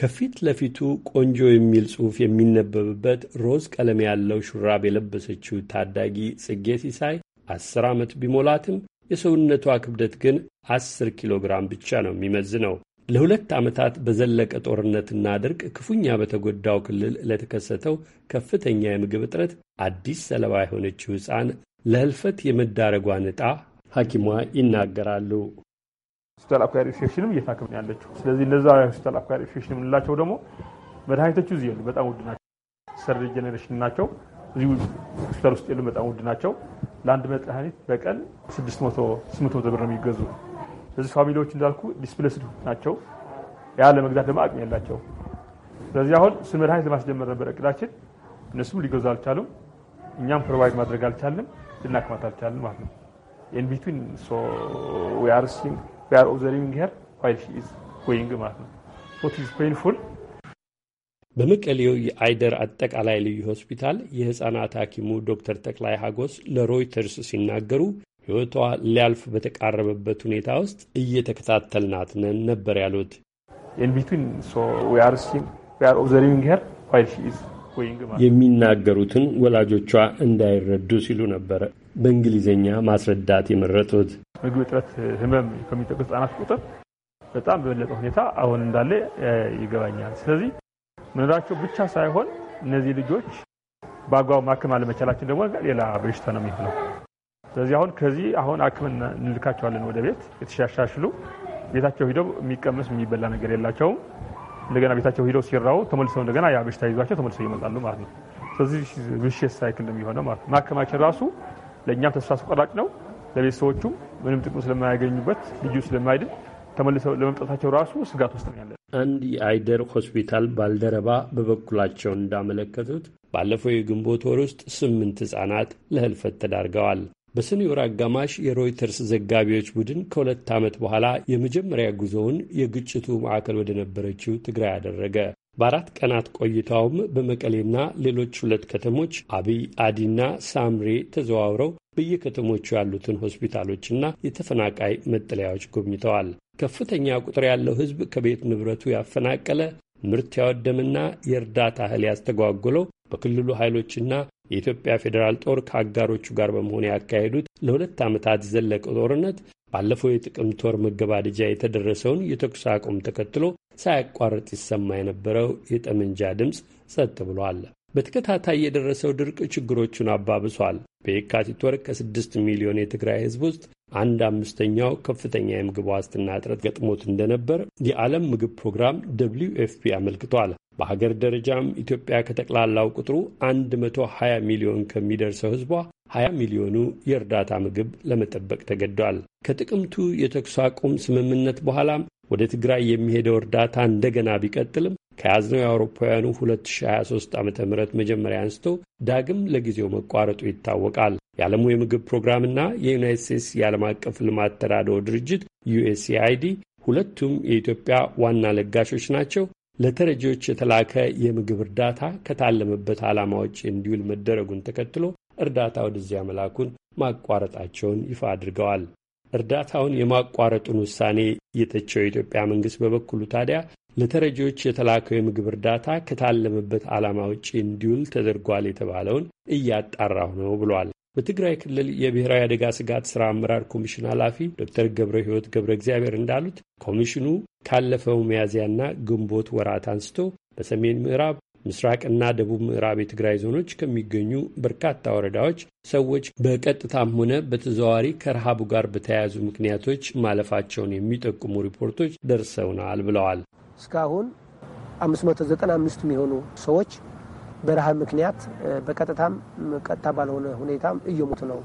ከፊት ለፊቱ ቆንጆ የሚል ጽሑፍ የሚነበብበት ሮዝ ቀለም ያለው ሹራብ የለበሰችው ታዳጊ ጽጌ ሲሳይ አስር ዓመት ቢሞላትም የሰውነቷ ክብደት ግን አስር ኪሎ ግራም ብቻ ነው የሚመዝነው። ለሁለት ዓመታት በዘለቀ ጦርነትና ድርቅ ክፉኛ በተጎዳው ክልል ለተከሰተው ከፍተኛ የምግብ እጥረት አዲስ ሰለባ የሆነችው ሕፃን ለህልፈት የመዳረጓ ንጣ ሐኪሟ ይናገራሉ። ሆስፒታል አኳሪ ኢንፌክሽንም እየታከምን ያለችው። ስለዚህ ለዛ ሆስፒታል አኳሪ ኢንፌክሽን የምንላቸው ደግሞ መድኃኒቶቹ እዚህ የሉ፣ በጣም ውድ ናቸው። ሰርድ ጀኔሬሽን ናቸው። እዚሁ ሆስፒታል ውስጥ የሉ፣ በጣም ውድ ናቸው። ለአንድ መድኃኒት በቀን 600 ብር ነው የሚገዙ እዚህ ፋሚሊዎች እንዳልኩ ዲስፕሌስድ ናቸው። ያ ለመግዛት ደግሞ አቅም ያላቸው። ስለዚህ አሁን ስመድኃኒት ለማስጀመር ነበር እቅዳችን። እነሱም ሊገዙ አልቻሉም፣ እኛም ፕሮቫይድ ማድረግ አልቻልንም፣ ልናክማት አልቻልንም ማለት ነው። ኢን ቢትዊን ሶ ዊ አር ሲንግ ዊ አር ኦብዘርቪንግ ሄር ዋይል ሺ ኢዝ ጎይንግ ማለት ነው። ሶ ኢዝ ፔንፉል በመቀሌው የአይደር አጠቃላይ ልዩ ሆስፒታል የህፃናት ሐኪሙ ዶክተር ተክላይ ሀጎስ ለሮይተርስ ሲናገሩ ሕይወቷ ሊያልፍ በተቃረበበት ሁኔታ ውስጥ እየተከታተልናት ነን ነበር ያሉት። የሚናገሩትን ወላጆቿ እንዳይረዱ ሲሉ ነበር በእንግሊዝኛ ማስረዳት የመረጡት። ምግብ እጥረት ህመም ከሚጠቁ ህጻናት ቁጥር በጣም በበለጠ ሁኔታ አሁን እንዳለ ይገባኛል። ስለዚህ መኖራቸው ብቻ ሳይሆን እነዚህ ልጆች በአግባቡ ማከም አለመቻላችን ደግሞ ሌላ በሽታ ነው የሚሆነው። ስለዚህ አሁን ከዚህ አሁን አክም እንልካቸዋለን ወደ ቤት የተሻሻሽሉ ቤታቸው ሂደው የሚቀመስ የሚበላ ነገር የላቸውም። እንደገና ቤታቸው ሂደው ሲራው ተመልሰው እንደገና ያ በሽታ ይዟቸው ተመልሰው ይመጣሉ ማለት ነው። ስለዚህ ብሽት ሳይክል ነው የሚሆነው ማለት ነው። ማከማችን ራሱ ለእኛም ተስፋ አስቆራጭ ነው፣ ለቤተሰቦቹም ምንም ጥቅም ስለማያገኙበት ልዩ ስለማይድን ተመልሰው ለመምጣታቸው ራሱ ስጋት ውስጥ ነው አንድ የአይደር ሆስፒታል ባልደረባ በበኩላቸው እንዳመለከቱት ባለፈው የግንቦት ወር ውስጥ ስምንት ህጻናት ለህልፈት ተዳርገዋል። በሰኔ ወር አጋማሽ የሮይተርስ ዘጋቢዎች ቡድን ከሁለት ዓመት በኋላ የመጀመሪያ ጉዞውን የግጭቱ ማዕከል ወደ ነበረችው ትግራይ አደረገ። በአራት ቀናት ቆይታውም በመቀሌና ሌሎች ሁለት ከተሞች አብይ አዲና ሳምሬ ተዘዋውረው በየከተሞቹ ያሉትን ሆስፒታሎችና የተፈናቃይ መጠለያዎች ጎብኝተዋል። ከፍተኛ ቁጥር ያለው ሕዝብ ከቤት ንብረቱ ያፈናቀለ፣ ምርት ያወደምና የእርዳታ እህል ያስተጓጎለው በክልሉ ኃይሎችና የኢትዮጵያ ፌዴራል ጦር ከአጋሮቹ ጋር በመሆን ያካሄዱት ለሁለት ዓመታት ዘለቀው ጦርነት ባለፈው የጥቅምት ወር መገባደጃ የተደረሰውን የተኩስ አቁም ተከትሎ ሳያቋርጥ ይሰማ የነበረው የጠመንጃ ድምፅ ጸጥ ብሎ አለ። በተከታታይ የደረሰው ድርቅ ችግሮቹን አባብሷል። በየካቲት ወር ከስድስት ሚሊዮን የትግራይ ህዝብ ውስጥ አንድ አምስተኛው ከፍተኛ የምግብ ዋስትና እጥረት ገጥሞት እንደነበር የዓለም ምግብ ፕሮግራም ደብልዩ ኤፍ ፒ አመልክቷል። በሀገር ደረጃም ኢትዮጵያ ከጠቅላላው ቁጥሩ 120 ሚሊዮን ከሚደርሰው ህዝቧ 20 ሚሊዮኑ የእርዳታ ምግብ ለመጠበቅ ተገዷል። ከጥቅምቱ የተኩስ አቁም ስምምነት በኋላም ወደ ትግራይ የሚሄደው እርዳታ እንደገና ቢቀጥልም ከያዝነው የአውሮፓውያኑ 2023 ዓ ም መጀመሪያ አንስቶ ዳግም ለጊዜው መቋረጡ ይታወቃል። የዓለሙ የምግብ ፕሮግራምና የዩናይት ስቴትስ የዓለም አቀፍ ልማት ተራድኦ ድርጅት ዩኤስኤአይዲ ሁለቱም የኢትዮጵያ ዋና ለጋሾች ናቸው። ለተረጂዎች የተላከ የምግብ እርዳታ ከታለመበት ዓላማዎች እንዲውል መደረጉን ተከትሎ እርዳታ ወደዚያ መላኩን ማቋረጣቸውን ይፋ አድርገዋል። እርዳታውን የማቋረጡን ውሳኔ የተቸው የኢትዮጵያ መንግስት በበኩሉ ታዲያ ለተረጂዎች የተላከው የምግብ እርዳታ ከታለመበት ዓላማ ውጪ እንዲውል ተደርጓል የተባለውን እያጣራሁ ነው ብሏል። በትግራይ ክልል የብሔራዊ አደጋ ስጋት ሥራ አመራር ኮሚሽን ኃላፊ ዶክተር ገብረ ሕይወት ገብረ እግዚአብሔር እንዳሉት ኮሚሽኑ ካለፈው መያዝያና ግንቦት ወራት አንስቶ በሰሜን ምዕራብ ምስራቅና ደቡብ ምዕራብ የትግራይ ዞኖች ከሚገኙ በርካታ ወረዳዎች ሰዎች በቀጥታም ሆነ በተዘዋዋሪ ከረሃቡ ጋር በተያያዙ ምክንያቶች ማለፋቸውን የሚጠቁሙ ሪፖርቶች ደርሰውናል ብለዋል። እስካሁን 595 የሚሆኑ ሰዎች በረሃብ ምክንያት በቀጥታም ቀጥታ ባልሆነ ሁኔታም እየሞቱ ነው።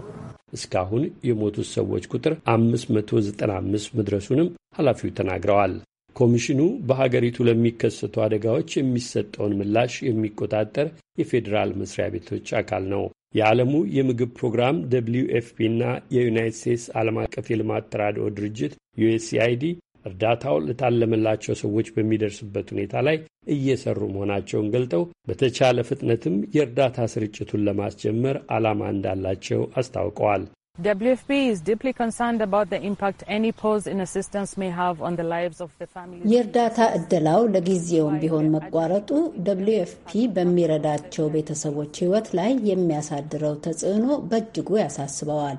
እስካሁን የሞቱት ሰዎች ቁጥር 595 መድረሱንም ኃላፊው ተናግረዋል። ኮሚሽኑ በሀገሪቱ ለሚከሰቱ አደጋዎች የሚሰጠውን ምላሽ የሚቆጣጠር የፌዴራል መስሪያ ቤቶች አካል ነው። የዓለሙ የምግብ ፕሮግራም ደብሊው ኤፍ ፒ እና የዩናይት ስቴትስ ዓለም አቀፍ የልማት ተራድኦ ድርጅት ዩኤስኤአይዲ እርዳታው ለታለመላቸው ሰዎች በሚደርስበት ሁኔታ ላይ እየሰሩ መሆናቸውን ገልጠው በተቻለ ፍጥነትም የእርዳታ ስርጭቱን ለማስጀመር ዓላማ እንዳላቸው አስታውቀዋል። የእርዳታ እደላው ለጊዜውም ቢሆን መቋረጡ ደብሊዩ ኤፍ በሚረዳቸው ቤተሰቦች ሕይወት ላይ የሚያሳድረው ተጽዕኖ በእጅጉ ያሳስበዋል።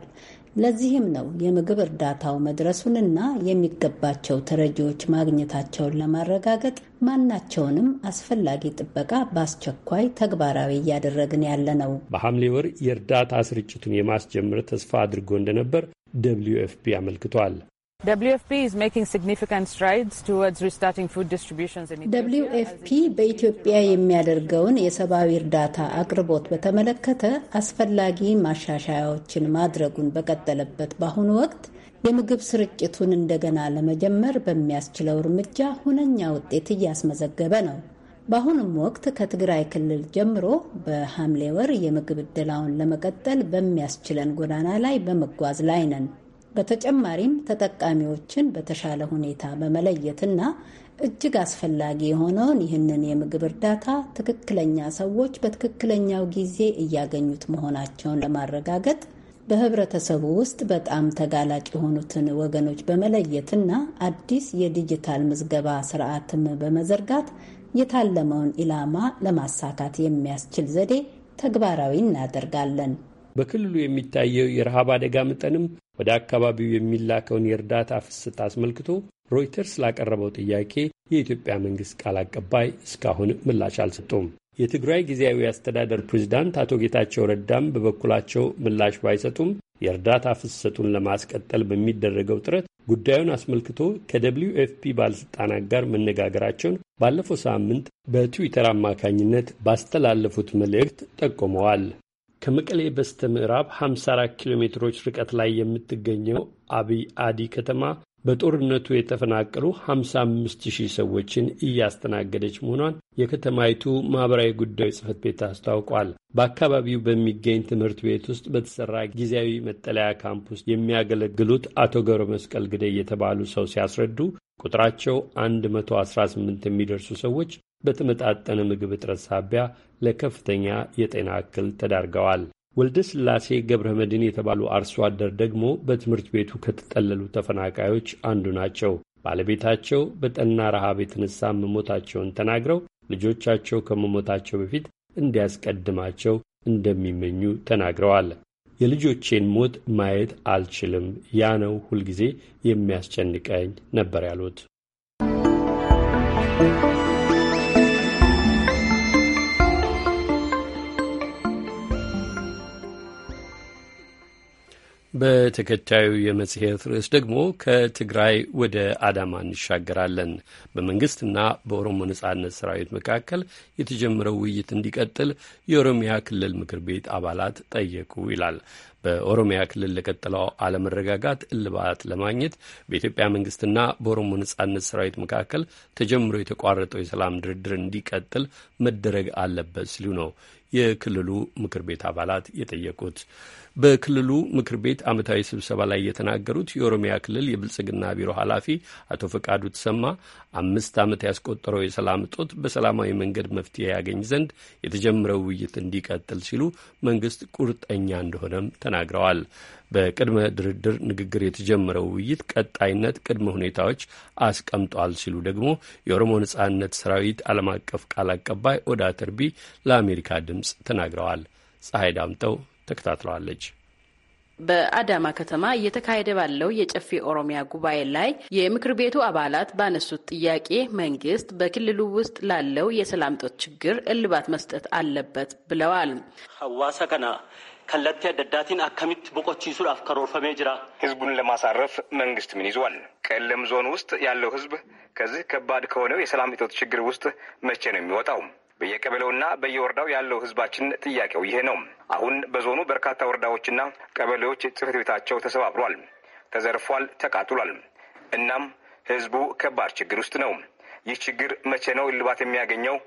ለዚህም ነው የምግብ እርዳታው መድረሱንና የሚገባቸው ተረጂዎች ማግኘታቸውን ለማረጋገጥ ማናቸውንም አስፈላጊ ጥበቃ በአስቸኳይ ተግባራዊ እያደረግን ያለ ነው። በሐምሌ ወር የእርዳታ ስርጭቱን የማስጀመር ተስፋ አድርጎ እንደነበር ደብሊዩ ኤፍፒ አመልክቷል። ደብሊው ኤፍ ፒ በኢትዮጵያ የሚያደርገውን የሰብአዊ እርዳታ አቅርቦት በተመለከተ አስፈላጊ ማሻሻያዎችን ማድረጉን በቀጠለበት በአሁኑ ወቅት የምግብ ስርጭቱን እንደገና ለመጀመር በሚያስችለው እርምጃ ሁነኛ ውጤት እያስመዘገበ ነው። በአሁኑም ወቅት ከትግራይ ክልል ጀምሮ በሐምሌ ወር የምግብ ዕደላውን ለመቀጠል በሚያስችለን ጎዳና ላይ በመጓዝ ላይ ነን። በተጨማሪም ተጠቃሚዎችን በተሻለ ሁኔታ በመለየትና እጅግ አስፈላጊ የሆነውን ይህንን የምግብ እርዳታ ትክክለኛ ሰዎች በትክክለኛው ጊዜ እያገኙት መሆናቸውን ለማረጋገጥ በህብረተሰቡ ውስጥ በጣም ተጋላጭ የሆኑትን ወገኖች በመለየትና አዲስ የዲጂታል ምዝገባ ስርዓትም በመዘርጋት የታለመውን ኢላማ ለማሳካት የሚያስችል ዘዴ ተግባራዊ እናደርጋለን። በክልሉ የሚታየው የረሃብ አደጋ መጠንም ወደ አካባቢው የሚላከውን የእርዳታ ፍሰት አስመልክቶ ሮይተርስ ላቀረበው ጥያቄ የኢትዮጵያ መንግሥት ቃል አቀባይ እስካሁን ምላሽ አልሰጡም። የትግራይ ጊዜያዊ አስተዳደር ፕሬዚዳንት አቶ ጌታቸው ረዳም በበኩላቸው ምላሽ ባይሰጡም የእርዳታ ፍሰቱን ለማስቀጠል በሚደረገው ጥረት ጉዳዩን አስመልክቶ ከደብሊው ኤፍፒ ባለሥልጣናት ጋር መነጋገራቸውን ባለፈው ሳምንት በትዊተር አማካኝነት ባስተላለፉት መልእክት ጠቁመዋል። ከመቀሌ በስተ ምዕራብ 54 ኪሎ ሜትሮች ርቀት ላይ የምትገኘው አብይ አዲ ከተማ በጦርነቱ የተፈናቀሉ 55,000 ሰዎችን እያስተናገደች መሆኗን የከተማይቱ ማኅበራዊ ጉዳዮች ጽሕፈት ቤት አስታውቋል። በአካባቢው በሚገኝ ትምህርት ቤት ውስጥ በተሰራ ጊዜያዊ መጠለያ ካምፕ ውስጥ የሚያገለግሉት አቶ ገብረ መስቀል ግደይ የተባሉ ሰው ሲያስረዱ ቁጥራቸው 118 የሚደርሱ ሰዎች በተመጣጠነ ምግብ እጥረት ሳቢያ ለከፍተኛ የጤና እክል ተዳርገዋል። ወልደ ስላሴ ገብረ መድን የተባሉ አርሶ አደር ደግሞ በትምህርት ቤቱ ከተጠለሉ ተፈናቃዮች አንዱ ናቸው። ባለቤታቸው በጠና ረሃብ የተነሳ መሞታቸውን ተናግረው ልጆቻቸው ከመሞታቸው በፊት እንዲያስቀድማቸው እንደሚመኙ ተናግረዋል። የልጆቼን ሞት ማየት አልችልም፣ ያ ነው ሁልጊዜ የሚያስጨንቀኝ ነበር ያሉት። በተከታዩ የመጽሔት ርዕስ ደግሞ ከትግራይ ወደ አዳማ እንሻገራለን። በመንግስትና በኦሮሞ ነጻነት ሰራዊት መካከል የተጀመረው ውይይት እንዲቀጥል የኦሮሚያ ክልል ምክር ቤት አባላት ጠየቁ ይላል። በኦሮሚያ ክልል ለቀጠለው አለመረጋጋት እልባት ለማግኘት በኢትዮጵያ መንግስትና በኦሮሞ ነጻነት ሰራዊት መካከል ተጀምሮ የተቋረጠው የሰላም ድርድር እንዲቀጥል መደረግ አለበት ሲሉ ነው የክልሉ ምክር ቤት አባላት የጠየቁት። በክልሉ ምክር ቤት ዓመታዊ ስብሰባ ላይ የተናገሩት የኦሮሚያ ክልል የብልጽግና ቢሮ ኃላፊ አቶ ፈቃዱ ተሰማ አምስት ዓመት ያስቆጠረው የሰላም እጦት በሰላማዊ መንገድ መፍትሄ ያገኝ ዘንድ የተጀመረው ውይይት እንዲቀጥል ሲሉ መንግስት ቁርጠኛ እንደሆነም ተናግረዋል። በቅድመ ድርድር ንግግር የተጀመረው ውይይት ቀጣይነት ቅድመ ሁኔታዎች አስቀምጧል ሲሉ ደግሞ የኦሮሞ ነጻነት ሰራዊት ዓለም አቀፍ ቃል አቀባይ ኦዳ ተርቢ ለአሜሪካ ድምፅ ተናግረዋል። ፀሐይ ዳምጠው ተከታትለዋለች። በአዳማ ከተማ እየተካሄደ ባለው የጨፌ ኦሮሚያ ጉባኤ ላይ የምክር ቤቱ አባላት ባነሱት ጥያቄ መንግስት በክልሉ ውስጥ ላለው የሰላም እጦት ችግር እልባት መስጠት አለበት ብለዋል። ሀዋሳ ከና ከለቴ አደዳቲን አከሚት ቦቆቺሱዳፍ ከሮርፈሜ ጅራ። ህዝቡን ለማሳረፍ መንግስት ምን ይዟል? ቀለም ዞን ውስጥ ያለው ህዝብ ከዚህ ከባድ ከሆነው የሰላም እጦት ችግር ውስጥ መቼ ነው የሚወጣው? በየቀበሌውና በየወረዳው ያለው ህዝባችን ጥያቄው ይሄ ነው። አሁን በዞኑ በርካታ ወረዳዎችና ቀበሌዎች ጽህፈት ቤታቸው ተሰባብሯል፣ ተዘርፏል፣ ተቃጥሏል። እናም ህዝቡ ከባድ ችግር ውስጥ ነው። ይህ ችግር መቼ ነው እልባት የሚያገኘው?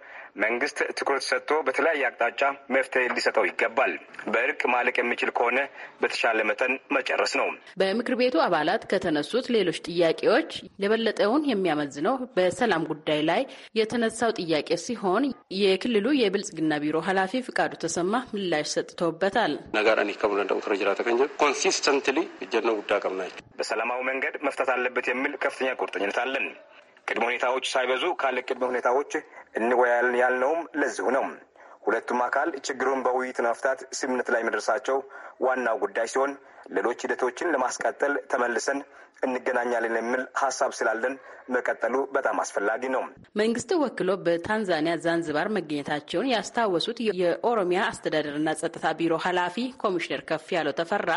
መንግስት ትኩረት ሰጥቶ በተለያየ አቅጣጫ መፍትሄ ሊሰጠው ይገባል። በእርቅ ማለቅ የሚችል ከሆነ በተሻለ መጠን መጨረስ ነው። በምክር ቤቱ አባላት ከተነሱት ሌሎች ጥያቄዎች የበለጠውን የሚያመዝነው በሰላም ጉዳይ ላይ የተነሳው ጥያቄ ሲሆን የክልሉ የብልጽግና ቢሮ ኃላፊ ፍቃዱ ተሰማ ምላሽ ሰጥተውበታል። ነጋራኒ ከቡነ ደቡት ረጅራ ተገኘ ኮንሲስተንትሊ እጀነው ጉዳይ ቀምናቸው በሰላማዊ መንገድ መፍታት አለበት የሚል ከፍተኛ ቁርጠኝነት አለን። ቅድመ ሁኔታዎች ሳይበዙ ካለ ቅድመ ሁኔታዎች እንወያያለን ያልነውም ለዚሁ ነው። ሁለቱም አካል ችግሩን በውይይት መፍታት ስምምነት ላይ መድረሳቸው ዋናው ጉዳይ ሲሆን ሌሎች ሂደቶችን ለማስቀጠል ተመልሰን እንገናኛለን የሚል ሀሳብ ስላለን መቀጠሉ በጣም አስፈላጊ ነው። መንግስት ወክሎ በታንዛኒያ ዛንዝባር መገኘታቸውን ያስታወሱት የኦሮሚያ አስተዳደርና ጸጥታ ቢሮ ኃላፊ ኮሚሽነር ከፍ ያለው ተፈራ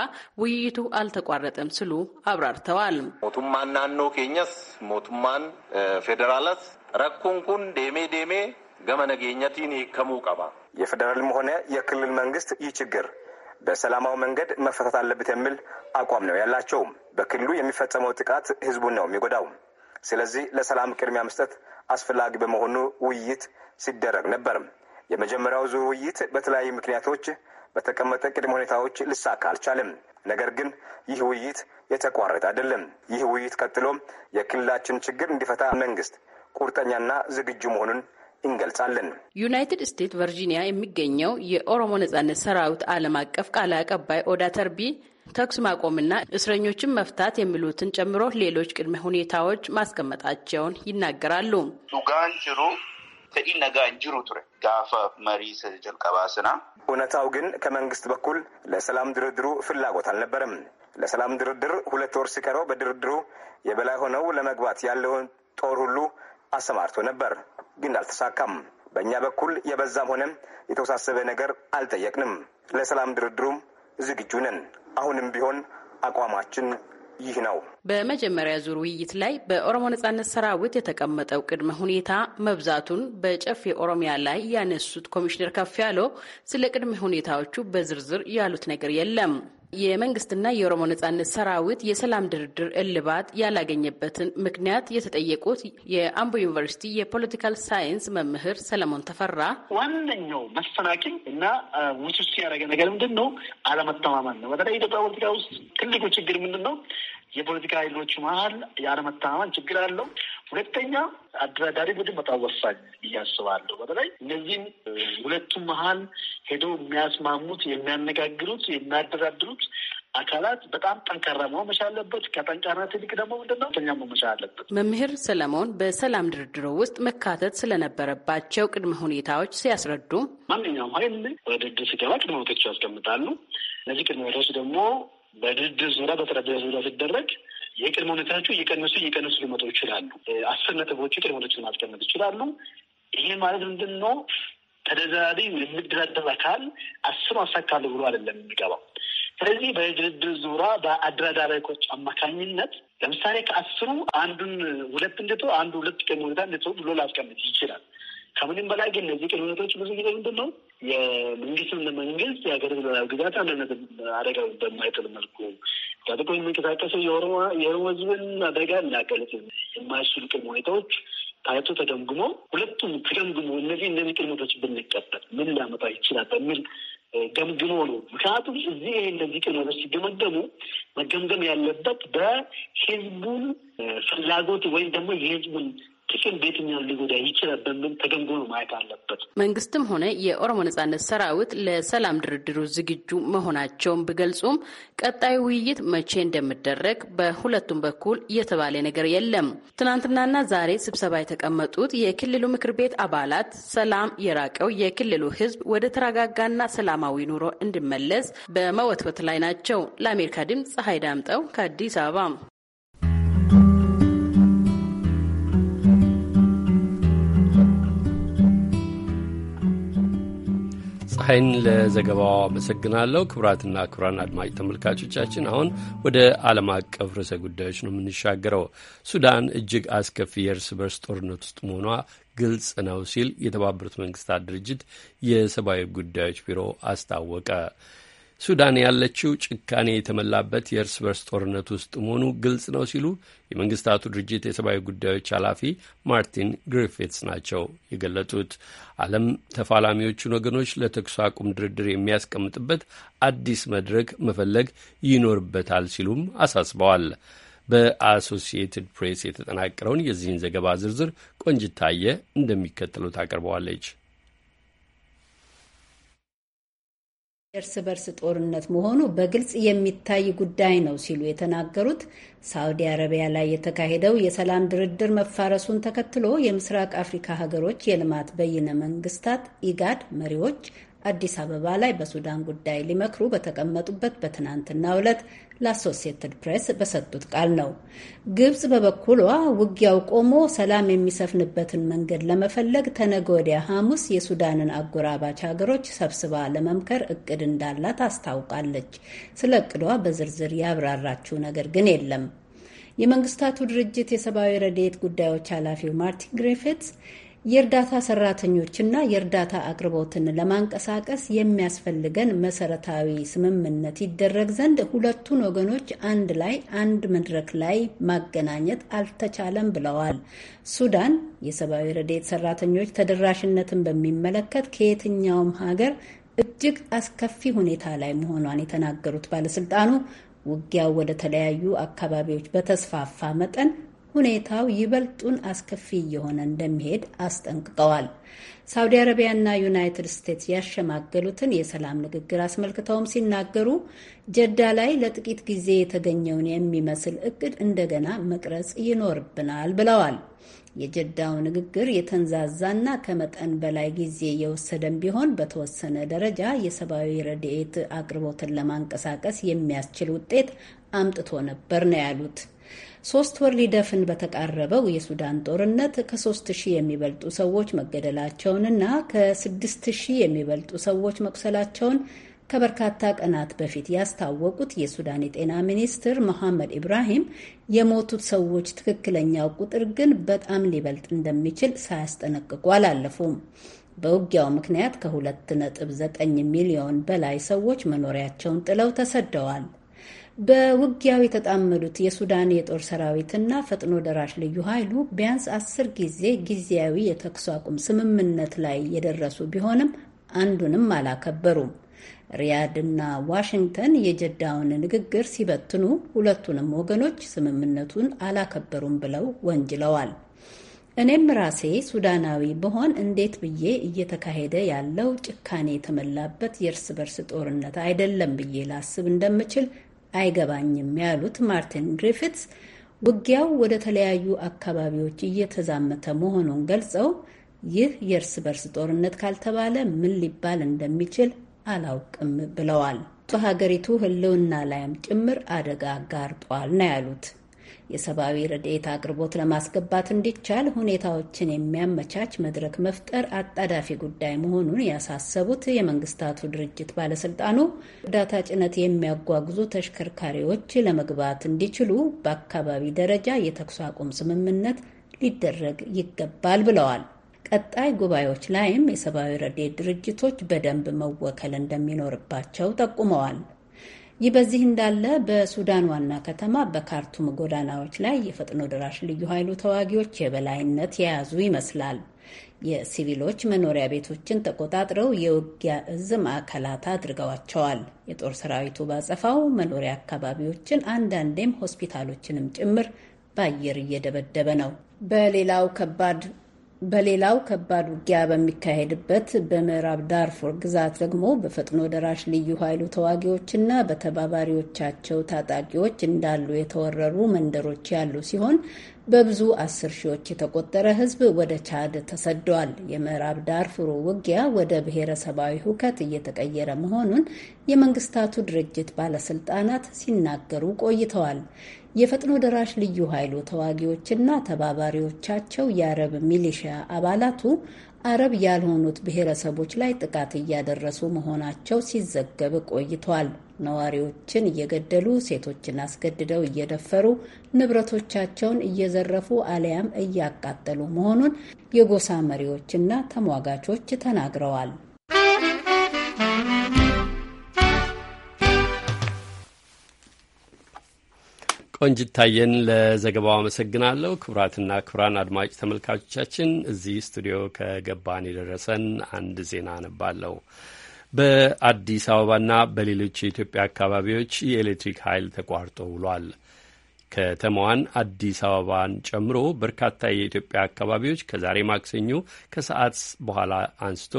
ውይይቱ አልተቋረጠም ስሉ አብራርተዋል። ሞቱማን ናኖ ኬኛስ ሞቱማን ፌዴራላት ረኩንኩን ዴሜ ዴሜ ገመነገኘቲን ከሙቀባ ቀባ የፌዴራልም ሆነ የክልል መንግስት ይህ ችግር በሰላማዊ መንገድ መፈታት አለበት የሚል አቋም ነው ያላቸው። በክልሉ የሚፈጸመው ጥቃት ህዝቡን ነው የሚጎዳው። ስለዚህ ለሰላም ቅድሚያ መስጠት አስፈላጊ በመሆኑ ውይይት ሲደረግ ነበር። የመጀመሪያው ዙር ውይይት በተለያዩ ምክንያቶች በተቀመጠ ቅድመ ሁኔታዎች ልሳካ አልቻለም። ነገር ግን ይህ ውይይት የተቋረጠ አይደለም። ይህ ውይይት ቀጥሎ የክልላችን ችግር እንዲፈታ መንግስት ቁርጠኛና ዝግጁ መሆኑን እንገልጻለን። ዩናይትድ ስቴትስ ቨርጂኒያ የሚገኘው የኦሮሞ ነጻነት ሰራዊት ዓለም አቀፍ ቃል አቀባይ ኦዳ ተርቢ ተኩስ ማቆምና እስረኞችን መፍታት የሚሉትን ጨምሮ ሌሎች ቅድመ ሁኔታዎች ማስቀመጣቸውን ይናገራሉ። ሱጋን ጅሩ ነጋን ጅሩ ቱረ ጋፈ መሪ ጀልቀባስና እውነታው ግን ከመንግስት በኩል ለሰላም ድርድሩ ፍላጎት አልነበረም። ለሰላም ድርድር ሁለት ወር ሲቀረው በድርድሩ የበላይ ሆነው ለመግባት ያለውን ጦር ሁሉ አሰማርቶ ነበር፣ ግን አልተሳካም። በእኛ በኩል የበዛም ሆነ የተወሳሰበ ነገር አልጠየቅንም። ለሰላም ድርድሩም ዝግጁ ነን። አሁንም ቢሆን አቋማችን ይህ ነው። በመጀመሪያ ዙር ውይይት ላይ በኦሮሞ ነጻነት ሰራዊት የተቀመጠው ቅድመ ሁኔታ መብዛቱን በጨፌ ኦሮሚያ ላይ ያነሱት ኮሚሽነር ከፍ ያለው ስለ ቅድመ ሁኔታዎቹ በዝርዝር ያሉት ነገር የለም። የመንግስትና የኦሮሞ ነጻነት ሰራዊት የሰላም ድርድር እልባት ያላገኘበትን ምክንያት የተጠየቁት የአምቦ ዩኒቨርሲቲ የፖለቲካል ሳይንስ መምህር ሰለሞን ተፈራ ዋነኛው መሰናክል እና ውስስ ያደረገ ነገር ምንድን ነው? አለመተማመን ነው። በተለይ ኢትዮጵያ ፖለቲካ ውስጥ ትልቁ ችግር ምንድን ነው? የፖለቲካ ኃይሎች መሀል የአለመተማመን ችግር አለው። ሁለተኛ አደራዳሪ ቡድን በጣም ወሳኝ እያስባለሁ። በተለይ እነዚህም ሁለቱም መሀል ሄደው የሚያስማሙት፣ የሚያነጋግሩት፣ የሚያደራድሩት አካላት በጣም ጠንካራ መሆን መቻል አለበት። ከጠንካራ ትልቅ ደግሞ ምንድነው ተኛ መሆን መቻል አለበት። መምህር ሰለሞን በሰላም ድርድሮ ውስጥ መካተት ስለነበረባቸው ቅድመ ሁኔታዎች ሲያስረዱ ማንኛውም ኃይል ወደ ድርድር ሲገባ ቅድመ ሁኔታዎች ያስቀምጣሉ። እነዚህ ቅድመ ሁኔታዎች ደግሞ በድርድር ዙሪያ በጠረጴዛ ዙሪያ ሲደረግ የቅድመ ሁኔታቸው እየቀነሱ እየቀነሱ ሊመጡ ይችላሉ። አስር ነጥቦች የቅድመ ሁኔታዎችን ማስቀመጥ ይችላሉ። ይሄ ማለት ምንድን ነው? ተደራዳሪ የሚደራደር አካል አስሩ አሳካለሁ ብሎ አይደለም የሚገባው። ስለዚህ በድርድር ዙሪያ በአደራዳሪዎች አማካኝነት ለምሳሌ ከአስሩ አንዱን ሁለት እንድቶ አንዱ ሁለት ቅድመ ሁኔታ እንድቶ ብሎ ላስቀምጥ ይችላል። ከምንም በላይ ግን እነዚህ ቅንነቶች ብዙ ጊዜ ምንድን ነው የመንግስትን መንግስት የሀገር ግዛት አንድነት አደጋ በማይጥል መልኩ ጠብቆ የሚንቀሳቀሰው የኦሮሞ ህዝብን አደጋ ሊያቀልጥ የማይችሉ ቅድመ ሁኔታዎች ታይቶ ተገምግሞ ሁለቱም ተገምግሞ እነዚህ እነዚህ ቅድመ ብንቀበል ምን ሊያመጣ ይችላል በሚል ገምግሞ ነው። ምክንያቱም እዚህ ይሄ እነዚህ ቅድመ ሲገመገሙ መገምገም ያለበት በህዝቡን ፍላጎት ወይም ደግሞ የህዝቡን ክፍል በየትኛው ሊጎዳ ይችላል በምን ተገምግሞ ማየት አለበት። መንግስትም ሆነ የኦሮሞ ነጻነት ሰራዊት ለሰላም ድርድሩ ዝግጁ መሆናቸውን ቢገልጹም ቀጣዩ ውይይት መቼ እንደሚደረግ በሁለቱም በኩል የተባለ ነገር የለም። ትናንትናና ዛሬ ስብሰባ የተቀመጡት የክልሉ ምክር ቤት አባላት ሰላም የራቀው የክልሉ ህዝብ ወደ ተረጋጋና ሰላማዊ ኑሮ እንዲመለስ በመወትወት ላይ ናቸው። ለአሜሪካ ድምፅ ፀሐይ ዳምጠው ከአዲስ አበባ ፀሐይን ለዘገባው አመሰግናለሁ። ክቡራትና ክቡራን አድማጭ ተመልካቾቻችን አሁን ወደ ዓለም አቀፍ ርዕሰ ጉዳዮች ነው የምንሻገረው። ሱዳን እጅግ አስከፊ የእርስ በርስ ጦርነት ውስጥ መሆኗ ግልጽ ነው ሲል የተባበሩት መንግስታት ድርጅት የሰብአዊ ጉዳዮች ቢሮ አስታወቀ። ሱዳን ያለችው ጭካኔ የተመላበት የእርስ በርስ ጦርነት ውስጥ መሆኑ ግልጽ ነው ሲሉ የመንግስታቱ ድርጅት የሰብአዊ ጉዳዮች ኃላፊ ማርቲን ግሪፊትስ ናቸው የገለጡት። ዓለም ተፋላሚዎቹን ወገኖች ለተኩስ አቁም ድርድር የሚያስቀምጥበት አዲስ መድረክ መፈለግ ይኖርበታል ሲሉም አሳስበዋል። በአሶሲየትድ ፕሬስ የተጠናቀረውን የዚህን ዘገባ ዝርዝር ቆንጅታየ እንደሚከተለው ታቀርበዋለች። የእርስ በርስ ጦርነት መሆኑ በግልጽ የሚታይ ጉዳይ ነው ሲሉ የተናገሩት ሳውዲ አረቢያ ላይ የተካሄደው የሰላም ድርድር መፋረሱን ተከትሎ የምስራቅ አፍሪካ ሀገሮች የልማት በይነ መንግስታት ኢጋድ መሪዎች አዲስ አበባ ላይ በሱዳን ጉዳይ ሊመክሩ በተቀመጡበት በትናንትናው ዕለት ለአሶሲየትድ ፕሬስ በሰጡት ቃል ነው። ግብጽ በበኩሏ ውጊያው ቆሞ ሰላም የሚሰፍንበትን መንገድ ለመፈለግ ተነገ ወዲያ ሐሙስ የሱዳንን አጎራባች ሀገሮች ሰብስባ ለመምከር እቅድ እንዳላት አስታውቃለች። ስለ እቅዷ በዝርዝር ያብራራችው ነገር ግን የለም። የመንግስታቱ ድርጅት የሰብአዊ ረድኤት ጉዳዮች ኃላፊው ማርቲን ግሪፊትስ የእርዳታ ሰራተኞችና የእርዳታ አቅርቦትን ለማንቀሳቀስ የሚያስፈልገን መሰረታዊ ስምምነት ይደረግ ዘንድ ሁለቱን ወገኖች አንድ ላይ አንድ መድረክ ላይ ማገናኘት አልተቻለም ብለዋል። ሱዳን የሰብአዊ ረድኤት ሰራተኞች ተደራሽነትን በሚመለከት ከየትኛውም ሀገር እጅግ አስከፊ ሁኔታ ላይ መሆኗን የተናገሩት ባለስልጣኑ ውጊያው ወደ ተለያዩ አካባቢዎች በተስፋፋ መጠን ሁኔታው ይበልጡን አስከፊ እየሆነ እንደሚሄድ አስጠንቅቀዋል። ሳውዲ አረቢያና ዩናይትድ ስቴትስ ያሸማገሉትን የሰላም ንግግር አስመልክተውም ሲናገሩ ጀዳ ላይ ለጥቂት ጊዜ የተገኘውን የሚመስል እቅድ እንደገና መቅረጽ ይኖርብናል ብለዋል። የጀዳው ንግግር የተንዛዛና ከመጠን በላይ ጊዜ የወሰደን ቢሆን በተወሰነ ደረጃ የሰብአዊ ረድኤት አቅርቦትን ለማንቀሳቀስ የሚያስችል ውጤት አምጥቶ ነበር ነው ያሉት። ሶስት ወር ሊደፍን በተቃረበው የሱዳን ጦርነት ከሶስት ሺህ የሚበልጡ ሰዎች መገደላቸውንና ከስድስት ሺህ የሚበልጡ ሰዎች መቁሰላቸውን ከበርካታ ቀናት በፊት ያስታወቁት የሱዳን የጤና ሚኒስትር መሐመድ ኢብራሂም የሞቱት ሰዎች ትክክለኛው ቁጥር ግን በጣም ሊበልጥ እንደሚችል ሳያስጠነቅቁ አላለፉም። በውጊያው ምክንያት ከ2.9 ሚሊዮን በላይ ሰዎች መኖሪያቸውን ጥለው ተሰደዋል። በውጊያው የተጣመዱት የሱዳን የጦር ሰራዊትና ፈጥኖ ደራሽ ልዩ ኃይሉ ቢያንስ አስር ጊዜ ጊዜያዊ የተኩስ አቁም ስምምነት ላይ የደረሱ ቢሆንም አንዱንም አላከበሩም። ሪያድና ዋሽንግተን የጀዳውን ንግግር ሲበትኑ ሁለቱንም ወገኖች ስምምነቱን አላከበሩም ብለው ወንጅለዋል። እኔም ራሴ ሱዳናዊ ብሆን እንዴት ብዬ እየተካሄደ ያለው ጭካኔ የተሞላበት የእርስ በርስ ጦርነት አይደለም ብዬ ላስብ እንደምችል አይገባኝም ያሉት ማርቲን ግሪፊትስ ውጊያው ወደ ተለያዩ አካባቢዎች እየተዛመተ መሆኑን ገልጸው ይህ የእርስ በርስ ጦርነት ካልተባለ ምን ሊባል እንደሚችል አላውቅም ብለዋል። ሀገሪቱ ሕልውና ላይም ጭምር አደጋ ጋርጧል ነው ያሉት። የሰብአዊ ረድኤት አቅርቦት ለማስገባት እንዲቻል ሁኔታዎችን የሚያመቻች መድረክ መፍጠር አጣዳፊ ጉዳይ መሆኑን ያሳሰቡት የመንግስታቱ ድርጅት ባለስልጣኑ እርዳታ ጭነት የሚያጓጉዙ ተሽከርካሪዎች ለመግባት እንዲችሉ በአካባቢ ደረጃ የተኩስ አቁም ስምምነት ሊደረግ ይገባል ብለዋል። ቀጣይ ጉባኤዎች ላይም የሰብአዊ ረድኤት ድርጅቶች በደንብ መወከል እንደሚኖርባቸው ጠቁመዋል። ይህ በዚህ እንዳለ በሱዳን ዋና ከተማ በካርቱም ጎዳናዎች ላይ የፈጥኖ ደራሽ ልዩ ኃይሉ ተዋጊዎች የበላይነት የያዙ ይመስላል። የሲቪሎች መኖሪያ ቤቶችን ተቆጣጥረው የውጊያ እዝ ማዕከላት አድርገዋቸዋል። የጦር ሰራዊቱ ባጸፋው መኖሪያ አካባቢዎችን አንዳንዴም ሆስፒታሎችንም ጭምር በአየር እየደበደበ ነው። በሌላው ከባድ በሌላው ከባድ ውጊያ በሚካሄድበት በምዕራብ ዳርፎር ግዛት ደግሞ በፈጥኖ ደራሽ ልዩ ኃይሉ ተዋጊዎችና በተባባሪዎቻቸው ታጣቂዎች እንዳሉ የተወረሩ መንደሮች ያሉ ሲሆን በብዙ አስር ሺዎች የተቆጠረ ሕዝብ ወደ ቻድ ተሰደዋል። የምዕራብ ዳርፉሩ ውጊያ ወደ ብሔረሰባዊ ሁከት እየተቀየረ መሆኑን የመንግስታቱ ድርጅት ባለስልጣናት ሲናገሩ ቆይተዋል። የፈጥኖ ደራሽ ልዩ ኃይሉ ተዋጊዎችና ተባባሪዎቻቸው የአረብ ሚሊሻ አባላቱ አረብ ያልሆኑት ብሔረሰቦች ላይ ጥቃት እያደረሱ መሆናቸው ሲዘገብ ቆይቷል። ነዋሪዎችን እየገደሉ፣ ሴቶችን አስገድደው እየደፈሩ፣ ንብረቶቻቸውን እየዘረፉ አሊያም እያቃጠሉ መሆኑን የጎሳ መሪዎችና ተሟጋቾች ተናግረዋል። ቆንጅታየን ለዘገባው አመሰግናለሁ። ክቡራትና ክቡራን አድማጭ ተመልካቾቻችን እዚህ ስቱዲዮ ከገባን የደረሰን አንድ ዜና አነባለሁ። በአዲስ አበባና በሌሎች የኢትዮጵያ አካባቢዎች የኤሌክትሪክ ኃይል ተቋርጦ ውሏል። ከተማዋን አዲስ አበባን ጨምሮ በርካታ የኢትዮጵያ አካባቢዎች ከዛሬ ማክሰኞ ከሰዓት በኋላ አንስቶ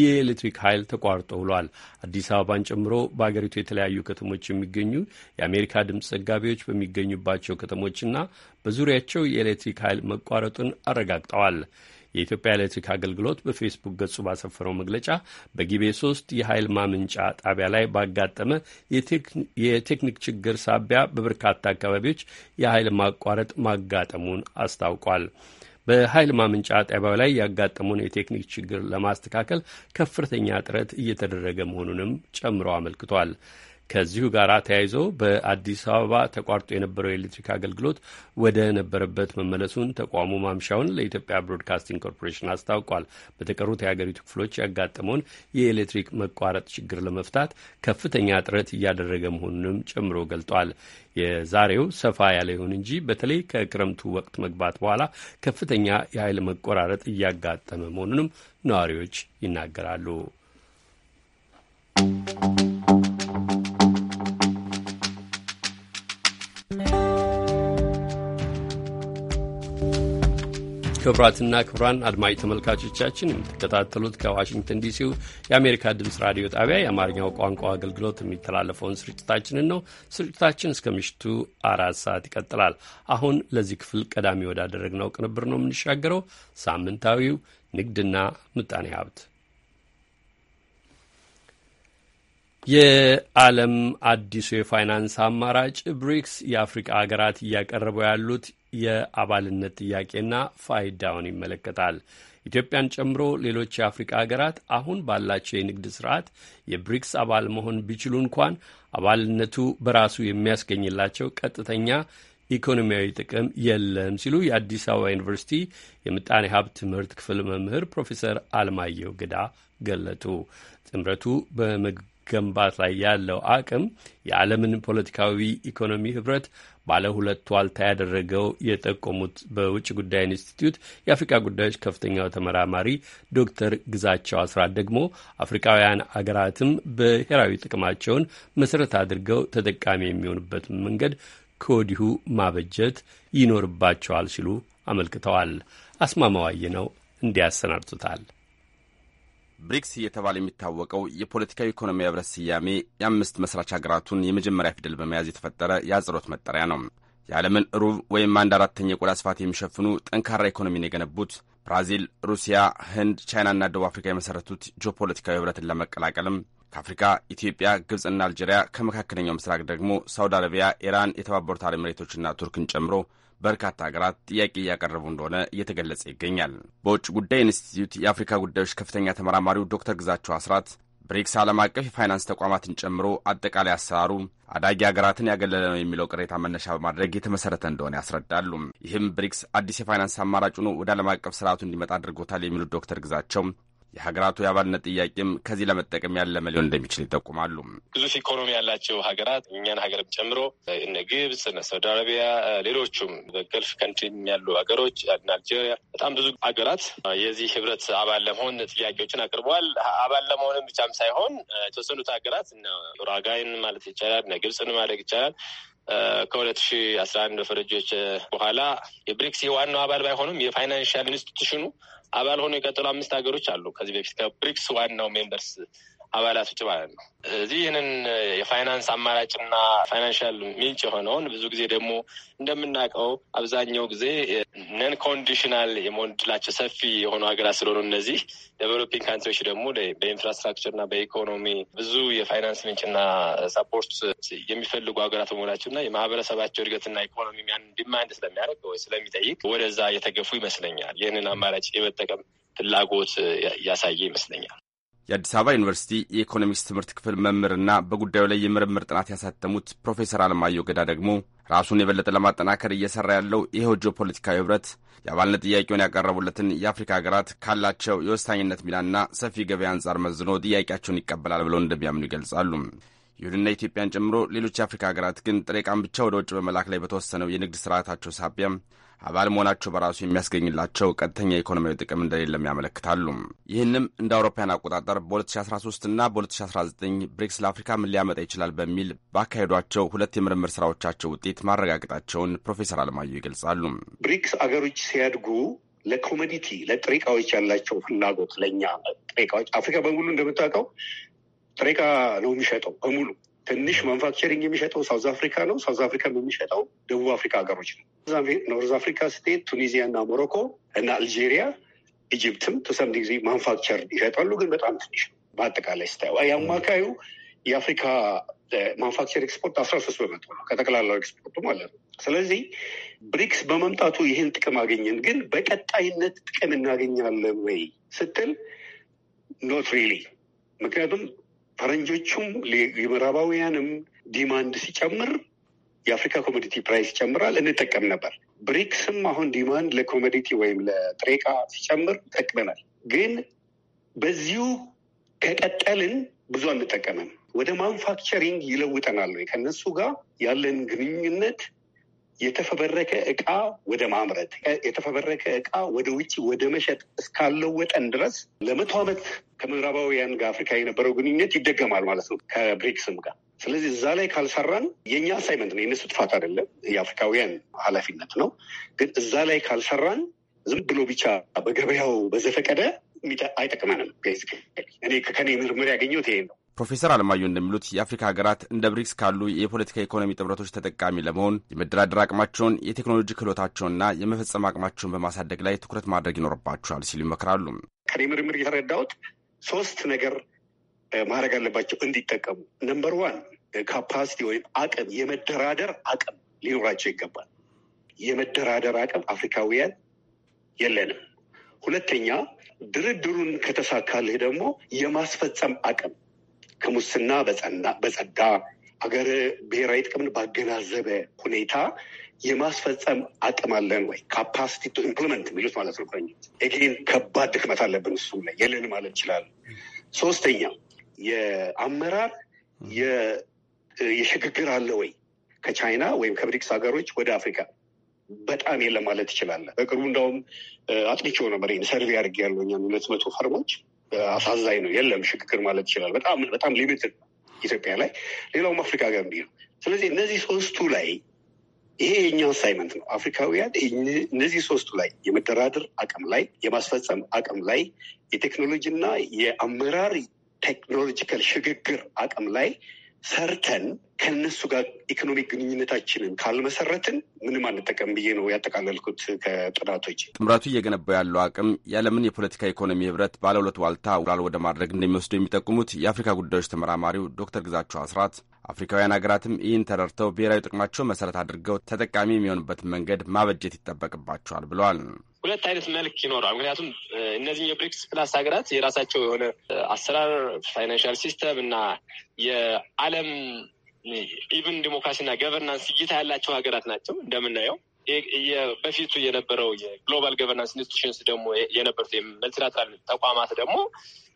የኤሌክትሪክ ኃይል ተቋርጦ ውሏል። አዲስ አበባን ጨምሮ በአገሪቱ የተለያዩ ከተሞች የሚገኙ የአሜሪካ ድምፅ ዘጋቢዎች በሚገኙባቸው ከተሞችና በዙሪያቸው የኤሌክትሪክ ኃይል መቋረጡን አረጋግጠዋል። የኢትዮጵያ ኤሌክትሪክ አገልግሎት በፌስቡክ ገጹ ባሰፈረው መግለጫ በጊቤ ሶስት የኃይል ማመንጫ ጣቢያ ላይ ባጋጠመ የቴክኒክ ችግር ሳቢያ በበርካታ አካባቢዎች የኃይል ማቋረጥ ማጋጠሙን አስታውቋል። በኃይል ማመንጫ ጣቢያው ላይ ያጋጠመውን የቴክኒክ ችግር ለማስተካከል ከፍተኛ ጥረት እየተደረገ መሆኑንም ጨምሮ አመልክቷል። ከዚሁ ጋር ተያይዞ በአዲስ አበባ ተቋርጦ የነበረው የኤሌክትሪክ አገልግሎት ወደ ነበረበት መመለሱን ተቋሙ ማምሻውን ለኢትዮጵያ ብሮድካስቲንግ ኮርፖሬሽን አስታውቋል። በተቀሩት የሀገሪቱ ክፍሎች ያጋጠመውን የኤሌክትሪክ መቋረጥ ችግር ለመፍታት ከፍተኛ ጥረት እያደረገ መሆኑንም ጨምሮ ገልጧል። የዛሬው ሰፋ ያለ ይሁን እንጂ በተለይ ከክረምቱ ወቅት መግባት በኋላ ከፍተኛ የኃይል መቆራረጥ እያጋጠመ መሆኑንም ነዋሪዎች ይናገራሉ። ክቡራትና ክቡራን አድማጭ ተመልካቾቻችን የምትከታተሉት ከዋሽንግተን ዲሲው የአሜሪካ ድምፅ ራዲዮ ጣቢያ የአማርኛው ቋንቋ አገልግሎት የሚተላለፈውን ስርጭታችንን ነው። ስርጭታችን እስከ ምሽቱ አራት ሰዓት ይቀጥላል። አሁን ለዚህ ክፍል ቀዳሚ ወዳደረግነው ቅንብር ነው የምንሻገረው። ሳምንታዊው ንግድና ምጣኔ ሀብት የዓለም አዲሱ የፋይናንስ አማራጭ ብሪክስ የአፍሪቃ ሀገራት እያቀረበው ያሉት የአባልነት ጥያቄና ፋይዳውን ይመለከታል። ኢትዮጵያን ጨምሮ ሌሎች የአፍሪካ ሀገራት አሁን ባላቸው የንግድ ስርዓት የብሪክስ አባል መሆን ቢችሉ እንኳን አባልነቱ በራሱ የሚያስገኝላቸው ቀጥተኛ ኢኮኖሚያዊ ጥቅም የለም ሲሉ የአዲስ አበባ ዩኒቨርሲቲ የምጣኔ ሀብት ትምህርት ክፍል መምህር ፕሮፌሰር አልማየሁ ገዳ ገለጡ። ጥምረቱ በመገንባት ላይ ያለው አቅም የዓለምን ፖለቲካዊ ኢኮኖሚ ህብረት ባለ ሁለት ዋልታ ያደረገው የጠቆሙት በውጭ ጉዳይ ኢንስቲትዩት የአፍሪካ ጉዳዮች ከፍተኛው ተመራማሪ ዶክተር ግዛቸው አስራት ደግሞ አፍሪካውያን አገራትም ብሔራዊ ጥቅማቸውን መሰረት አድርገው ተጠቃሚ የሚሆኑበት መንገድ ከወዲሁ ማበጀት ይኖርባቸዋል ሲሉ አመልክተዋል። አስማማዋይ ነው እንዲያሰናድቱታል። ብሪክስ እየተባለ የሚታወቀው የፖለቲካዊ ኢኮኖሚ ህብረት ስያሜ የአምስት መስራች ሀገራቱን የመጀመሪያ ፊደል በመያዝ የተፈጠረ የአጽሮት መጠሪያ ነው። የዓለምን ሩብ ወይም አንድ አራተኛ የቆዳ ስፋት የሚሸፍኑ ጠንካራ ኢኮኖሚን የገነቡት ብራዚል፣ ሩሲያ፣ ህንድ፣ ቻይናና ደቡብ አፍሪካ የመሠረቱት ጂኦፖለቲካዊ ህብረትን ለመቀላቀልም ከአፍሪካ ኢትዮጵያ፣ ግብፅና አልጄሪያ፣ ከመካከለኛው ምስራቅ ደግሞ ሳውዲ አረቢያ፣ ኢራን፣ የተባበሩት አረብ ኤሚሬቶችና ቱርክን ጨምሮ በርካታ ሀገራት ጥያቄ እያቀረቡ እንደሆነ እየተገለጸ ይገኛል። በውጭ ጉዳይ ኢንስቲትዩት የአፍሪካ ጉዳዮች ከፍተኛ ተመራማሪው ዶክተር ግዛቸው አስራት ብሪክስ ዓለም አቀፍ የፋይናንስ ተቋማትን ጨምሮ አጠቃላይ አሰራሩ አዳጊ ሀገራትን ያገለለ ነው የሚለው ቅሬታ መነሻ በማድረግ የተመሰረተ እንደሆነ ያስረዳሉ። ይህም ብሪክስ አዲስ የፋይናንስ አማራጭ ሆኖ ወደ ዓለም አቀፍ ስርዓቱ እንዲመጣ አድርጎታል የሚሉት ዶክተር ግዛቸው የሀገራቱ የአባልነት ጥያቄም ከዚህ ለመጠቀም ያለመ ሊሆን እንደሚችል ይጠቁማሉ። ግዙፍ ኢኮኖሚ ያላቸው ሀገራት እኛን ሀገርም ጨምሮ እነ ግብጽ፣ እነ ሳውዲ አረቢያ፣ ሌሎቹም በገልፍ ከንትሪ ያሉ ሀገሮች አልጄሪያ፣ በጣም ብዙ ሀገራት የዚህ ህብረት አባል ለመሆን ጥያቄዎችን አቅርበዋል። አባል ለመሆንም ብቻም ሳይሆን የተወሰኑት ሀገራት ኡራጋይን ማለት ይቻላል፣ እነ ግብጽን ማለት ይቻላል ከሁለት ሺ አስራ አንድ ፈረንጆች በኋላ የብሪክስ ዋናው አባል ባይሆኑም የፋይናንሽል ኢንስቲቱሽኑ አባል ሆኖ የቀጠሉ አምስት ሀገሮች አሉ። ከዚህ በፊት ከብሪክስ ዋናው ሜምበርስ አባላቶች ማለት ነው። እዚህ ይህንን የፋይናንስ አማራጭና ፋይናንሻል ምንጭ የሆነውን ብዙ ጊዜ ደግሞ እንደምናውቀው አብዛኛው ጊዜ ነን ኮንዲሽናል የመወንድላቸው ሰፊ የሆኑ ሀገራት ስለሆኑ እነዚህ ዴቨሎፒንግ ካንትሪዎች ደግሞ በኢንፍራስትራክቸር በኢንፍራስትራክቸርና በኢኮኖሚ ብዙ የፋይናንስ ምንጭና ሰፖርት የሚፈልጉ ሀገራት መሆናቸው እና የማህበረሰባቸው እድገትና ኢኮኖሚ ያን ዲማንድ ስለሚያደርግ ወይ ስለሚጠይቅ ወደዛ የተገፉ ይመስለኛል። ይህንን አማራጭ የመጠቀም ፍላጎት ያሳየ ይመስለኛል። የአዲስ አበባ ዩኒቨርሲቲ የኢኮኖሚክስ ትምህርት ክፍል መምህርና በጉዳዩ ላይ የምርምር ጥናት ያሳተሙት ፕሮፌሰር አለማየሁ ገዳ ደግሞ ራሱን የበለጠ ለማጠናከር እየሰራ ያለው ይኸው ጂኦ ፖለቲካዊ ህብረት የአባልነት ጥያቄውን ያቀረቡለትን የአፍሪካ ሀገራት ካላቸው የወሳኝነት ሚናና ሰፊ ገበያ አንጻር መዝኖ ጥያቄያቸውን ይቀበላል ብለው እንደሚያምኑ ይገልጻሉ። ይሁንና ኢትዮጵያን ጨምሮ ሌሎች የአፍሪካ ሀገራት ግን ጥሬ ዕቃን ብቻ ወደ ውጭ በመላክ ላይ በተወሰነው የንግድ ስርዓታቸው ሳቢያ አባል መሆናቸው በራሱ የሚያስገኝላቸው ቀጥተኛ ኢኮኖሚያዊ ጥቅም እንደሌለም ያመለክታሉ። ይህንም እንደ አውሮፓውያን አቆጣጠር በ2013 እና በ2019 ብሪክስ ለአፍሪካ ምን ሊያመጣ ይችላል በሚል ባካሄዷቸው ሁለት የምርምር ስራዎቻቸው ውጤት ማረጋገጣቸውን ፕሮፌሰር አለማየሁ ይገልጻሉ። ብሪክስ አገሮች ሲያድጉ ለኮሞዲቲ ለጥሬ ያላቸው ፍላጎት ለእኛ ጥሬ አፍሪካ በሙሉ እንደምታውቀው ጥሬ ነው የሚሸጠው በሙሉ ትንሽ ማንፋክቸሪንግ የሚሸጠው ሳውዝ አፍሪካ ነው። ሳውዝ አፍሪካ የሚሸጠው ደቡብ አፍሪካ ሀገሮች ነው። ኖርዝ አፍሪካ ስቴት፣ ቱኒዚያ እና ሞሮኮ እና አልጄሪያ፣ ኢጅፕትም ተሰምድ ጊዜ ማንፋክቸር ይሸጣሉ፣ ግን በጣም ትንሽ ነው። በአጠቃላይ ስታየው የአማካዩ የአፍሪካ ማንፋክቸር ኤክስፖርት አስራ ሶስት በመቶ ነው ከጠቅላላው ኤክስፖርቱ ማለት ነው። ስለዚህ ብሪክስ በመምጣቱ ይህን ጥቅም አገኘን፣ ግን በቀጣይነት ጥቅም እናገኛለን ወይ ስትል ኖት ሪሊ ምክንያቱም ፈረንጆቹም የምዕራባውያንም ዲማንድ ሲጨምር የአፍሪካ ኮሞዲቲ ፕራይስ ይጨምራል፣ እንጠቀም ነበር። ብሪክስም አሁን ዲማንድ ለኮሞዲቲ ወይም ለጥሬ ዕቃ ሲጨምር ጠቅመናል። ግን በዚሁ ከቀጠልን ብዙ አንጠቀምም። ወደ ማኑፋክቸሪንግ ይለውጠናል ወይ ከነሱ ጋር ያለን ግንኙነት የተፈበረከ እቃ ወደ ማምረት የተፈበረከ እቃ ወደ ውጭ ወደ መሸጥ እስካለወጠን ድረስ ለመቶ ዓመት ከምዕራባውያን ጋር አፍሪካ የነበረው ግንኙነት ይደገማል ማለት ነው ከብሪክስም ጋር። ስለዚህ እዛ ላይ ካልሰራን የእኛ አሳይመንት ነው፣ የነሱ ጥፋት አይደለም፣ የአፍሪካውያን ኃላፊነት ነው። ግን እዛ ላይ ካልሰራን ዝም ብሎ ብቻ በገበያው በዘፈቀደ አይጠቅመንም። እኔ ከኔ ምርምር ያገኘሁት ይሄን ነው። ፕሮፌሰር አለማየሁ እንደሚሉት የአፍሪካ ሀገራት እንደ ብሪክስ ካሉ የፖለቲካ ኢኮኖሚ ጥምረቶች ተጠቃሚ ለመሆን የመደራደር አቅማቸውን፣ የቴክኖሎጂ ክህሎታቸውንና የመፈጸም አቅማቸውን በማሳደግ ላይ ትኩረት ማድረግ ይኖርባቸዋል ሲሉ ይመክራሉ። ከኔ ምርምር የተረዳሁት ሶስት ነገር ማድረግ አለባቸው እንዲጠቀሙ። ነምበር ዋን ካፓሲቲ ወይም አቅም፣ የመደራደር አቅም ሊኖራቸው ይገባል። የመደራደር አቅም አፍሪካውያን የለንም። ሁለተኛ ድርድሩን ከተሳካልህ ደግሞ የማስፈጸም አቅም ከሙስና በጸዳ ሀገር ብሔራዊ ጥቅምን ባገናዘበ ሁኔታ የማስፈጸም አቅም አለን ወይ? ካፓሲቲ ቱ ኢምፕሊመንት የሚሉት ማለት ነው። እግን ከባድ ድክመት አለብን፣ እሱ ላይ የለን ማለት ይችላል። ሶስተኛ የአመራር የሽግግር አለ ወይ? ከቻይና ወይም ከብሪክስ ሀገሮች ወደ አፍሪካ በጣም የለም ማለት ይችላለ። በቅርቡ እንደውም አጥንቼው ነበር ሰርቪ አድርጌያለሁ ሁለት መቶ ፈርሞች አሳዛኝ ነው። የለም ሽግግር ማለት ይችላል። በጣም በጣም ሊሚትድ ኢትዮጵያ ላይ ሌላውም አፍሪካ ጋር ነው። ስለዚህ እነዚህ ሶስቱ ላይ ይሄ የኛ አሳይመንት ነው። አፍሪካውያን እነዚህ ሶስቱ ላይ የመደራደር አቅም ላይ፣ የማስፈጸም አቅም ላይ፣ የቴክኖሎጂና የአመራር ቴክኖሎጂካል ሽግግር አቅም ላይ ሰርተን ከነሱ ጋር ኢኮኖሚክ ግንኙነታችንን ካልመሰረትን ምንም አንጠቀም ብዬ ነው ያጠቃለልኩት። ከጥናቶች ጥምረቱ እየገነባው ያለው አቅም ያለምን የፖለቲካ ኢኮኖሚ ህብረት ባለሁለት ዋልታ ውላል ወደ ማድረግ እንደሚወስዱ የሚጠቁሙት የአፍሪካ ጉዳዮች ተመራማሪው ዶክተር ግዛቸው አስራት አፍሪካውያን ሀገራትም ይህን ተረድተው ብሔራዊ ጥቅማቸውን መሰረት አድርገው ተጠቃሚ የሚሆኑበትን መንገድ ማበጀት ይጠበቅባቸዋል ብለዋል። ሁለት አይነት መልክ ይኖረዋል። ምክንያቱም እነዚህ የብሪክስ ፕላስ ሀገራት የራሳቸው የሆነ አሰራር፣ ፋይናንሻል ሲስተም እና የዓለም ኢቭን ዲሞክራሲና ገቨርናንስ እይታ ያላቸው ሀገራት ናቸው እንደምናየው በፊቱ የነበረው የግሎባል ገቨርናንስ ኢንስቲቱሽንስ ደግሞ የነበሩት መልቲላትራል ተቋማት ደግሞ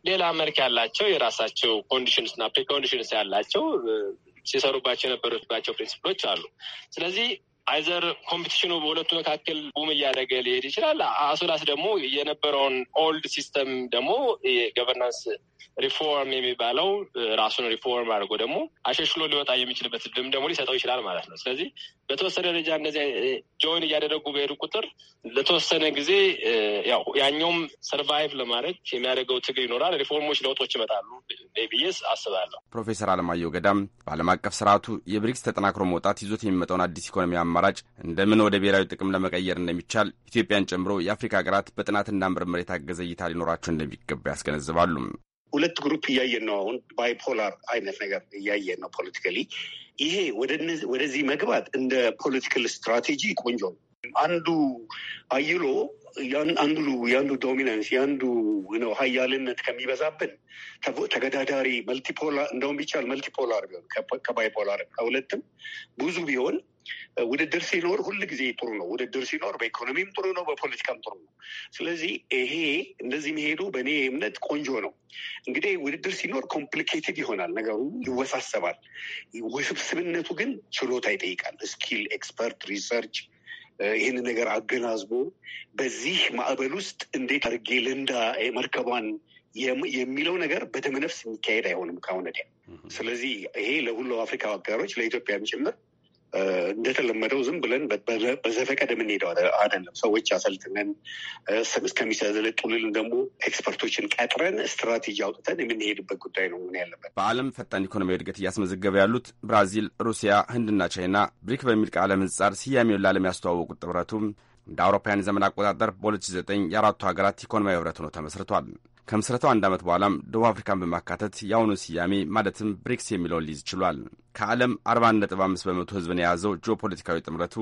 ሌላ መልክ ያላቸው የራሳቸው ኮንዲሽንስ እና ፕሪኮንዲሽንስ ያላቸው ሲሰሩባቸው የነበሩባቸው ፕሪንሲፕሎች አሉ። ስለዚህ አይዘር ኮምፒቲሽኑ በሁለቱ መካከል ቡም እያደረገ ሊሄድ ይችላል። አሶላስ ደግሞ የነበረውን ኦልድ ሲስተም ደግሞ የገቨርናንስ ሪፎርም የሚባለው ራሱን ሪፎርም አድርጎ ደግሞ አሸሽሎ ሊወጣ የሚችልበት ድም ደግሞ ሊሰጠው ይችላል ማለት ነው። ስለዚህ በተወሰነ ደረጃ እንደዚህ ጆይን እያደረጉ በሄዱ ቁጥር ለተወሰነ ጊዜ ያው ያኛውም ሰርቫይቭ ለማድረግ የሚያደርገው ትግል ይኖራል። ሪፎርሞች፣ ለውጦች ይመጣሉ ብዬ አስባለሁ። ፕሮፌሰር አለማየሁ ገዳም በዓለም አቀፍ ስርዓቱ የብሪክስ ተጠናክሮ መውጣት ይዞት የሚመጣውን አዲስ ኢኮኖሚ አማራጭ እንደምን ወደ ብሔራዊ ጥቅም ለመቀየር እንደሚቻል ኢትዮጵያን ጨምሮ የአፍሪካ ሀገራት በጥናትና ምርምር የታገዘ እይታ ሊኖራቸው እንደሚገባ ያስገነዝባሉ። ሁለት ግሩፕ እያየን ነው። አሁን ባይፖላር አይነት ነገር እያየን ነው ፖለቲካሊ። ይሄ ወደዚህ መግባት እንደ ፖለቲካል ስትራቴጂ ቆንጆ ነው። አንዱ አይሎ አንዱ የአንዱ ዶሚናንስ የአንዱ ነው ሀያልነት ከሚበዛብን ተገዳዳሪ መልቲፖላ እንደውም ቢቻል መልቲፖላር ቢሆን ከባይፖላር ከሁለትም ብዙ ቢሆን ውድድር ሲኖር ሁል ጊዜ ጥሩ ነው። ውድድር ሲኖር በኢኮኖሚም ጥሩ ነው፣ በፖለቲካም ጥሩ ነው። ስለዚህ ይሄ እንደዚህ መሄዱ በእኔ እምነት ቆንጆ ነው። እንግዲህ ውድድር ሲኖር ኮምፕሊኬትድ ይሆናል ነገሩ፣ ይወሳሰባል። ውስብስብነቱ ግን ችሎታ ይጠይቃል። ስኪል፣ ኤክስፐርት፣ ሪሰርች ይህን ነገር አገናዝቦ በዚህ ማዕበል ውስጥ እንዴት አድርጌ ልንዳ መርከቧን የሚለው ነገር በደመነፍስ የሚካሄድ አይሆንም ከአሁን ወዲያ። ስለዚህ ይሄ ለሁሉ አፍሪካ አጋሮች ለኢትዮጵያም ጭምር እንደተለመደው ዝም ብለን በዘፈቀደ የምንሄደው አይደለም። ሰዎች አሰልጥነን እስከሚሰለጥኑልን ደግሞ ኤክስፐርቶችን ቀጥረን ስትራቴጂ አውጥተን የምንሄድበት ጉዳይ ነው መሆን ያለበት። በዓለም ፈጣን ኢኮኖሚያዊ እድገት እያስመዘገበ ያሉት ብራዚል፣ ሩሲያ፣ ህንድና ቻይና ብሪክ በሚል ቃለ ምህጻር ስያሜውን ለዓለም ያስተዋወቁት ጥምረቱ እንደ አውሮፓውያን ዘመን አቆጣጠር በ2009 የአራቱ ሀገራት ኢኮኖሚያዊ ህብረት ሆኖ ተመስርቷል። ከምስረታው አንድ ዓመት በኋላም ደቡብ አፍሪካን በማካተት የአሁኑ ስያሜ ማለትም ብሪክስ የሚለውን ሊይዝ ችሏል። ከዓለም 41.5 በመቶ ህዝብን የያዘው ጂኦፖለቲካዊ ጥምረቱ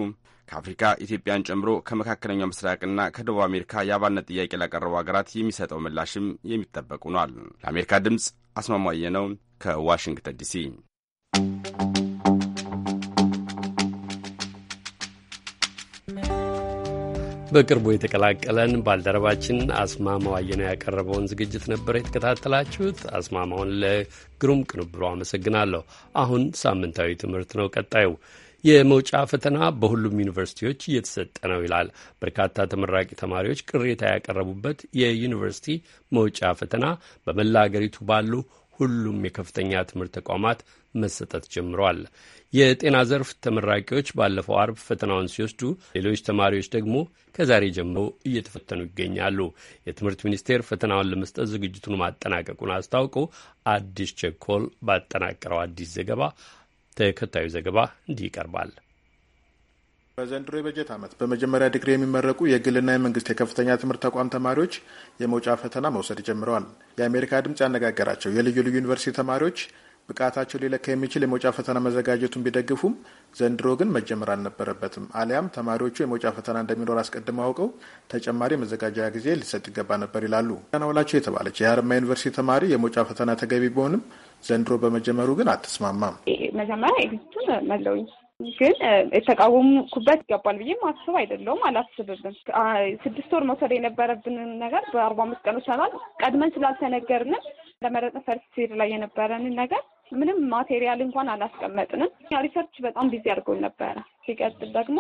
ከአፍሪካ ኢትዮጵያን ጨምሮ ከመካከለኛው ምስራቅና ከደቡብ አሜሪካ የአባልነት ጥያቄ ላቀረቡ ሀገራት የሚሰጠው ምላሽም የሚጠበቅ ሆኗል። ለአሜሪካ ድምፅ አስማማየ ነው ከዋሽንግተን ዲሲ። በቅርቡ የተቀላቀለን ባልደረባችን አስማማው አየነው ያቀረበውን ዝግጅት ነበር የተከታተላችሁት። አስማማውን ለግሩም ቅንብሮ አመሰግናለሁ። አሁን ሳምንታዊ ትምህርት ነው ቀጣዩ። የመውጫ ፈተና በሁሉም ዩኒቨርሲቲዎች እየተሰጠ ነው ይላል። በርካታ ተመራቂ ተማሪዎች ቅሬታ ያቀረቡበት የዩኒቨርሲቲ መውጫ ፈተና በመላ አገሪቱ ባሉ ሁሉም የከፍተኛ ትምህርት ተቋማት መሰጠት ጀምረዋል። የጤና ዘርፍ ተመራቂዎች ባለፈው አርብ ፈተናውን ሲወስዱ፣ ሌሎች ተማሪዎች ደግሞ ከዛሬ ጀምሮ እየተፈተኑ ይገኛሉ። የትምህርት ሚኒስቴር ፈተናውን ለመስጠት ዝግጅቱን ማጠናቀቁን አስታውቆ አዲስ ቸኮል ባጠናቀረው አዲስ ዘገባ ተከታዩ ዘገባ እንዲህ ይቀርባል። በዘንድሮ የበጀት ዓመት በመጀመሪያ ዲግሪ የሚመረቁ የግልና የመንግስት የከፍተኛ ትምህርት ተቋም ተማሪዎች የመውጫ ፈተና መውሰድ ጀምረዋል። የአሜሪካ ድምፅ ያነጋገራቸው የልዩ ልዩ ዩኒቨርሲቲ ተማሪዎች ብቃታቸው ሊለካ የሚችል የመውጫ ፈተና መዘጋጀቱን ቢደግፉም ዘንድሮ ግን መጀመር አልነበረበትም፣ አሊያም ተማሪዎቹ የመውጫ ፈተና እንደሚኖር አስቀድመው አውቀው ተጨማሪ መዘጋጃ ጊዜ ሊሰጥ ይገባ ነበር ይላሉ። ናውላቸው የተባለች የሀረማያ ዩኒቨርሲቲ ተማሪ የመውጫ ፈተና ተገቢ ቢሆንም ዘንድሮ በመጀመሩ ግን አትስማማም። መጀመሪያ ኤግዚቱን መለውኝ ግን የተቃወምኩበት ይገባል ብዬ ማስብ አይደለውም አላስብብም። ስድስት ወር መውሰድ የነበረብንን ነገር በአርባ አምስት ቀን ውሰናል። ቀድመን ስላልተነገርንም ለመረጠ ፈርስት ላይ የነበረንን ነገር ምንም ማቴሪያል እንኳን አላስቀመጥንም። ሪሰርች በጣም ቢዚ አድርገው ነበረ። ሲቀጥል ደግሞ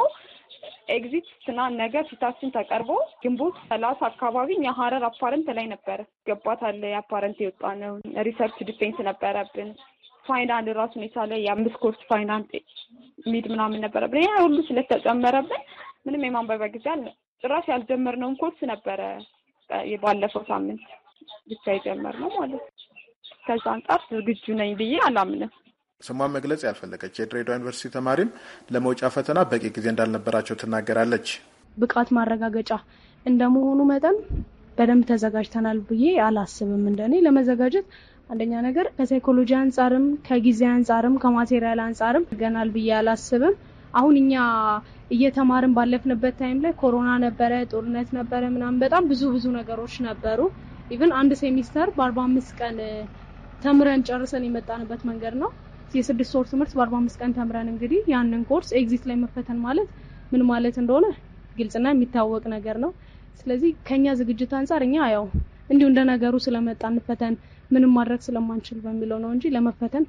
ኤግዚት ስና ነገር ፊታችን ተቀርቦ ግንቦት ሰላሳ አካባቢ የሀረር አፓረንት ላይ ነበረ ገባታለ አፓረንት የወጣ ነው ሪሰርች ዲፌንስ ነበረብን ፋይናል ራሱን የቻለ የአምስት ኮርስ ፋይናል ሚድ ምናምን ነበረብን። ያ ሁሉ ስለተጨመረብን ምንም የማንበቢያ ጊዜ አለ። ጭራሽ ያልጀመርነውን ኮርስ ነበረ ባለፈው ሳምንት ብቻ የጀመርነው ማለት ነው። ከዛ አንጻር ዝግጁ ነኝ ብዬ አላምንም። ስሟን መግለጽ ያልፈለገች የድሬዳዋ ዩኒቨርሲቲ ተማሪም ለመውጫ ፈተና በቂ ጊዜ እንዳልነበራቸው ትናገራለች። ብቃት ማረጋገጫ እንደመሆኑ መጠን በደንብ ተዘጋጅተናል ብዬ አላስብም። እንደኔ ለመዘጋጀት አንደኛ ነገር ከሳይኮሎጂ አንጻርም ከጊዜ አንጻርም ከማቴሪያል አንጻርም ገናል ብዬ አላስብም። አሁን እኛ እየተማርን ባለፍንበት ታይም ላይ ኮሮና ነበረ፣ ጦርነት ነበረ፣ ምናምን በጣም ብዙ ብዙ ነገሮች ነበሩ። ኢቭን አንድ ሴሚስተር በአርባ አምስት ቀን ተምረን ጨርሰን የመጣንበት መንገድ ነው። የስድስት ወር ትምህርት በአርባ አምስት ቀን ተምረን እንግዲህ ያንን ኮርስ ኤግዚት ላይ መፈተን ማለት ምን ማለት እንደሆነ ግልጽና የሚታወቅ ነገር ነው። ስለዚህ ከኛ ዝግጅት አንጻር እኛ ያው እንዲሁ እንደ ነገሩ ስለመጣን ፈተን ምንም ማድረግ ስለማንችል በሚለው ነው እንጂ ለመፈተን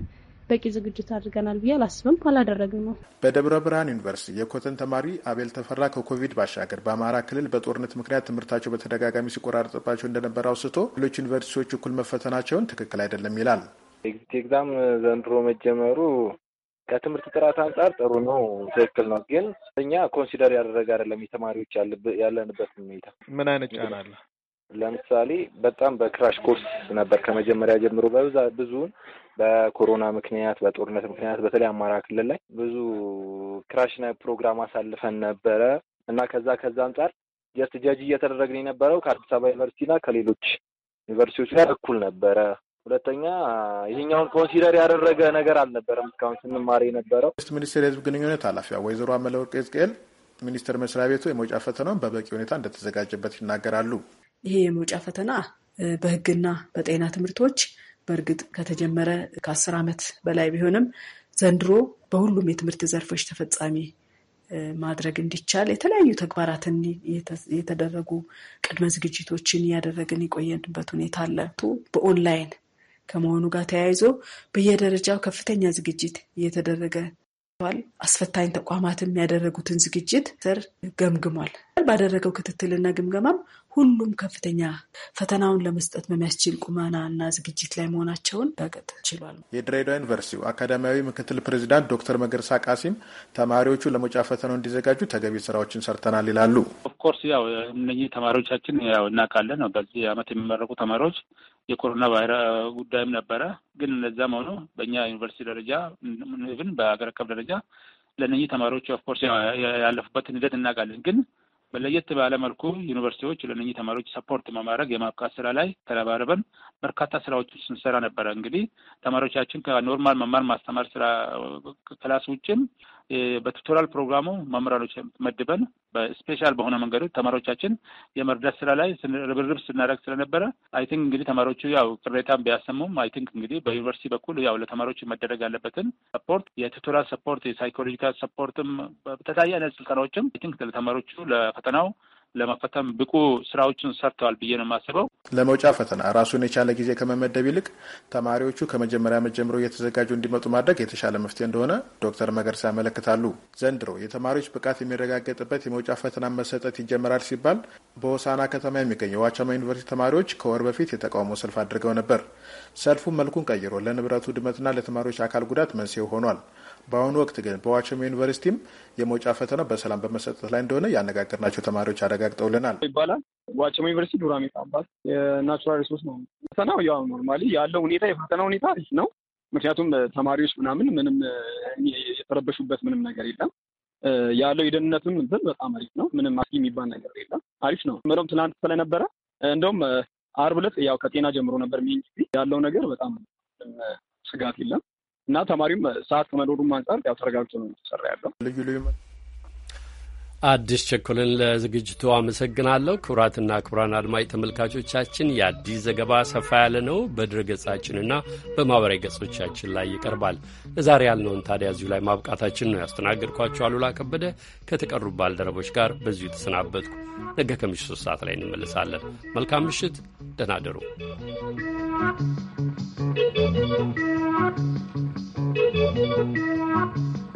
በቂ ዝግጅት አድርገናል ብዬ አላስብም። አላደረግን ነው። በደብረ ብርሃን ዩኒቨርሲቲ የኮተን ተማሪ አቤል ተፈራ ከኮቪድ ባሻገር በአማራ ክልል በጦርነት ምክንያት ትምህርታቸው በተደጋጋሚ ሲቆራረጥባቸው እንደነበረ አውስቶ ሌሎች ዩኒቨርሲቲዎች እኩል መፈተናቸውን ትክክል አይደለም ይላል። ኤግዛም ዘንድሮ መጀመሩ ከትምህርት ጥራት አንጻር ጥሩ ነው፣ ትክክል ነው። ግን እኛ ኮንሲደር ያደረገ አይደለም የተማሪዎች ያለንበት ሁኔታ። ምን አይነት ጫና አለ? ለምሳሌ በጣም በክራሽ ኮርስ ነበር ከመጀመሪያ ጀምሮ በብዛት ብዙውን በኮሮና ምክንያት በጦርነት ምክንያት በተለይ አማራ ክልል ላይ ብዙ ክራሽ ፕሮግራም አሳልፈን ነበረ እና ከዛ ከዛ አንጻር ጀስት ጃጅ እየተደረግን የነበረው ከአዲስ አበባ ዩኒቨርሲቲ እና ከሌሎች ዩኒቨርሲቲዎች ጋር እኩል ነበረ። ሁለተኛ ይህኛውን ኮንሲደር ያደረገ ነገር አልነበረም እስካሁን ስንማር የነበረው። ስ ሚኒስቴር የህዝብ ግንኙነት ኃላፊዋ ወይዘሮ አመለወርቅ ዝቅኤል ሚኒስቴር መስሪያ ቤቱ የመውጫ ፈተናውን በበቂ ሁኔታ እንደተዘጋጀበት ይናገራሉ። ይሄ የመውጫ ፈተና በሕግና በጤና ትምህርቶች በእርግጥ ከተጀመረ ከአስር ዓመት በላይ ቢሆንም ዘንድሮ በሁሉም የትምህርት ዘርፎች ተፈጻሚ ማድረግ እንዲቻል የተለያዩ ተግባራትን የተደረጉ ቅድመ ዝግጅቶችን እያደረግን የቆየንበት ሁኔታ አለ። በኦንላይን ከመሆኑ ጋር ተያይዞ በየደረጃው ከፍተኛ ዝግጅት እየተደረገ አስፈታኝ ተቋማትም ያደረጉትን ዝግጅት ስር ገምግሟል። ባደረገው ክትትልና ግምገማም ሁሉም ከፍተኛ ፈተናውን ለመስጠት በሚያስችል ቁመና እና ዝግጅት ላይ መሆናቸውን በቅጥ ችሏል። የድሬዳዋ ዩኒቨርሲቲው አካዳሚያዊ ምክትል ፕሬዚዳንት ዶክተር መገርሳ ቃሲም ተማሪዎቹ ለመውጫ ፈተናው እንዲዘጋጁ ተገቢ ስራዎችን ሰርተናል ይላሉ። ኦፍኮርስ ያው እነዚህ ተማሪዎቻችን ያው እናውቃለን ነው በዚህ አመት የሚመረቁ ተማሪዎች የኮሮና ቫይረ ጉዳይም ነበረ። ግን እነዛም ሆኖ በእኛ ዩኒቨርሲቲ ደረጃ ብን በሀገር አቀፍ ደረጃ ለነህ ተማሪዎች ኦፍኮርስ ያለፉበትን ሂደት እናውቃለን ግን በለየት ባለ መልኩ ዩኒቨርሲቲዎች ለነኚህ ተማሪዎች ሰፖርት በማድረግ የማብቃት ስራ ላይ ተረባርበን በርካታ ስራዎች ስንሰራ ነበረ። እንግዲህ ተማሪዎቻችን ከኖርማል መማር ማስተማር ስራ ክላስ ውጭም በቱቶራል ፕሮግራሙ መምህራኖች መድበን በስፔሻል በሆነ መንገዶች ተማሪዎቻችን የመርዳት ስራ ላይ ርብርብ ስናደርግ ስለነበረ አይ ቲንክ እንግዲህ ተማሪዎቹ ያው ቅሬታን ቢያሰሙም አይ ቲንክ እንግዲህ በዩኒቨርሲቲ በኩል ያው ለተማሪዎች መደረግ ያለበትን ሰፖርት የቱቶራል ሰፖርት፣ የሳይኮሎጂካል ሰፖርትም በተለያየ አይነት ስልጠናዎችም አይ ቲንክ ለተማሪዎቹ ለፈተናው ለመፈተም ብቁ ስራዎችን ሰርተዋል ብዬ ነው የማስበው። ለመውጫ ፈተና ራሱን የቻለ ጊዜ ከመመደብ ይልቅ ተማሪዎቹ ከመጀመሪያ ዓመት ጀምሮ እየተዘጋጁ እንዲመጡ ማድረግ የተሻለ መፍትሄ እንደሆነ ዶክተር መገርሳ ያመለክታሉ። ዘንድሮ የተማሪዎች ብቃት የሚረጋገጥበት የመውጫ ፈተና መሰጠት ይጀመራል ሲባል በሆሳና ከተማ የሚገኘው ዋቻማ ዩኒቨርሲቲ ተማሪዎች ከወር በፊት የተቃውሞ ሰልፍ አድርገው ነበር። ሰልፉ መልኩን ቀይሮ ለንብረቱ ውድመትና ለተማሪዎች አካል ጉዳት መንስኤ ሆኗል። በአሁኑ ወቅት ግን በዋቸሞ ዩኒቨርሲቲም የመውጫ ፈተና በሰላም በመሰጠት ላይ እንደሆነ ያነጋገርናቸው ተማሪዎች አረጋግጠውልናል። ይባላል ዋቸሞ ዩኒቨርሲቲ ዱራሜ ካምፓስ የናቹራል ሪሶርስ ነው። ፈተናው ያው ኖርማሊ ያለው ሁኔታ የፈተና ሁኔታ አሪፍ ነው። ምክንያቱም ተማሪዎች ምናምን ምንም የተረበሹበት ምንም ነገር የለም። ያለው የደህንነትም እንትን በጣም አሪፍ ነው። ምንም አስጊ የሚባል ነገር የለም። አሪፍ ነው። ምንም ትናንት ስለነበረ እንደውም አርብ ዕለት ያው ከጤና ጀምሮ ነበር ሚን ጊዜ ያለው ነገር በጣም ስጋት የለም። እና ተማሪም ሰዓት ከመኖሩም አንጻር ያው ተረጋግቶ ነው የተሰራ ያለው። ልዩ ልዩ አዲስ ቸኮልን ለዝግጅቱ አመሰግናለሁ። ክቡራትና ክቡራን አድማጭ ተመልካቾቻችን የአዲስ ዘገባ ሰፋ ያለ ነው፣ በድረ ገጻችንና በማህበራዊ ገጾቻችን ላይ ይቀርባል። ለዛሬ ያልነውን ታዲያ እዚሁ ላይ ማብቃታችን ነው። ያስተናገድኳቸው አሉላ ከበደ ከተቀሩ ባልደረቦች ጋር በዚሁ የተሰናበትኩ። ነገ ከምሽት ሶስት ሰዓት ላይ እንመልሳለን። መልካም ምሽት፣ ደህና ደሩ። Thank you.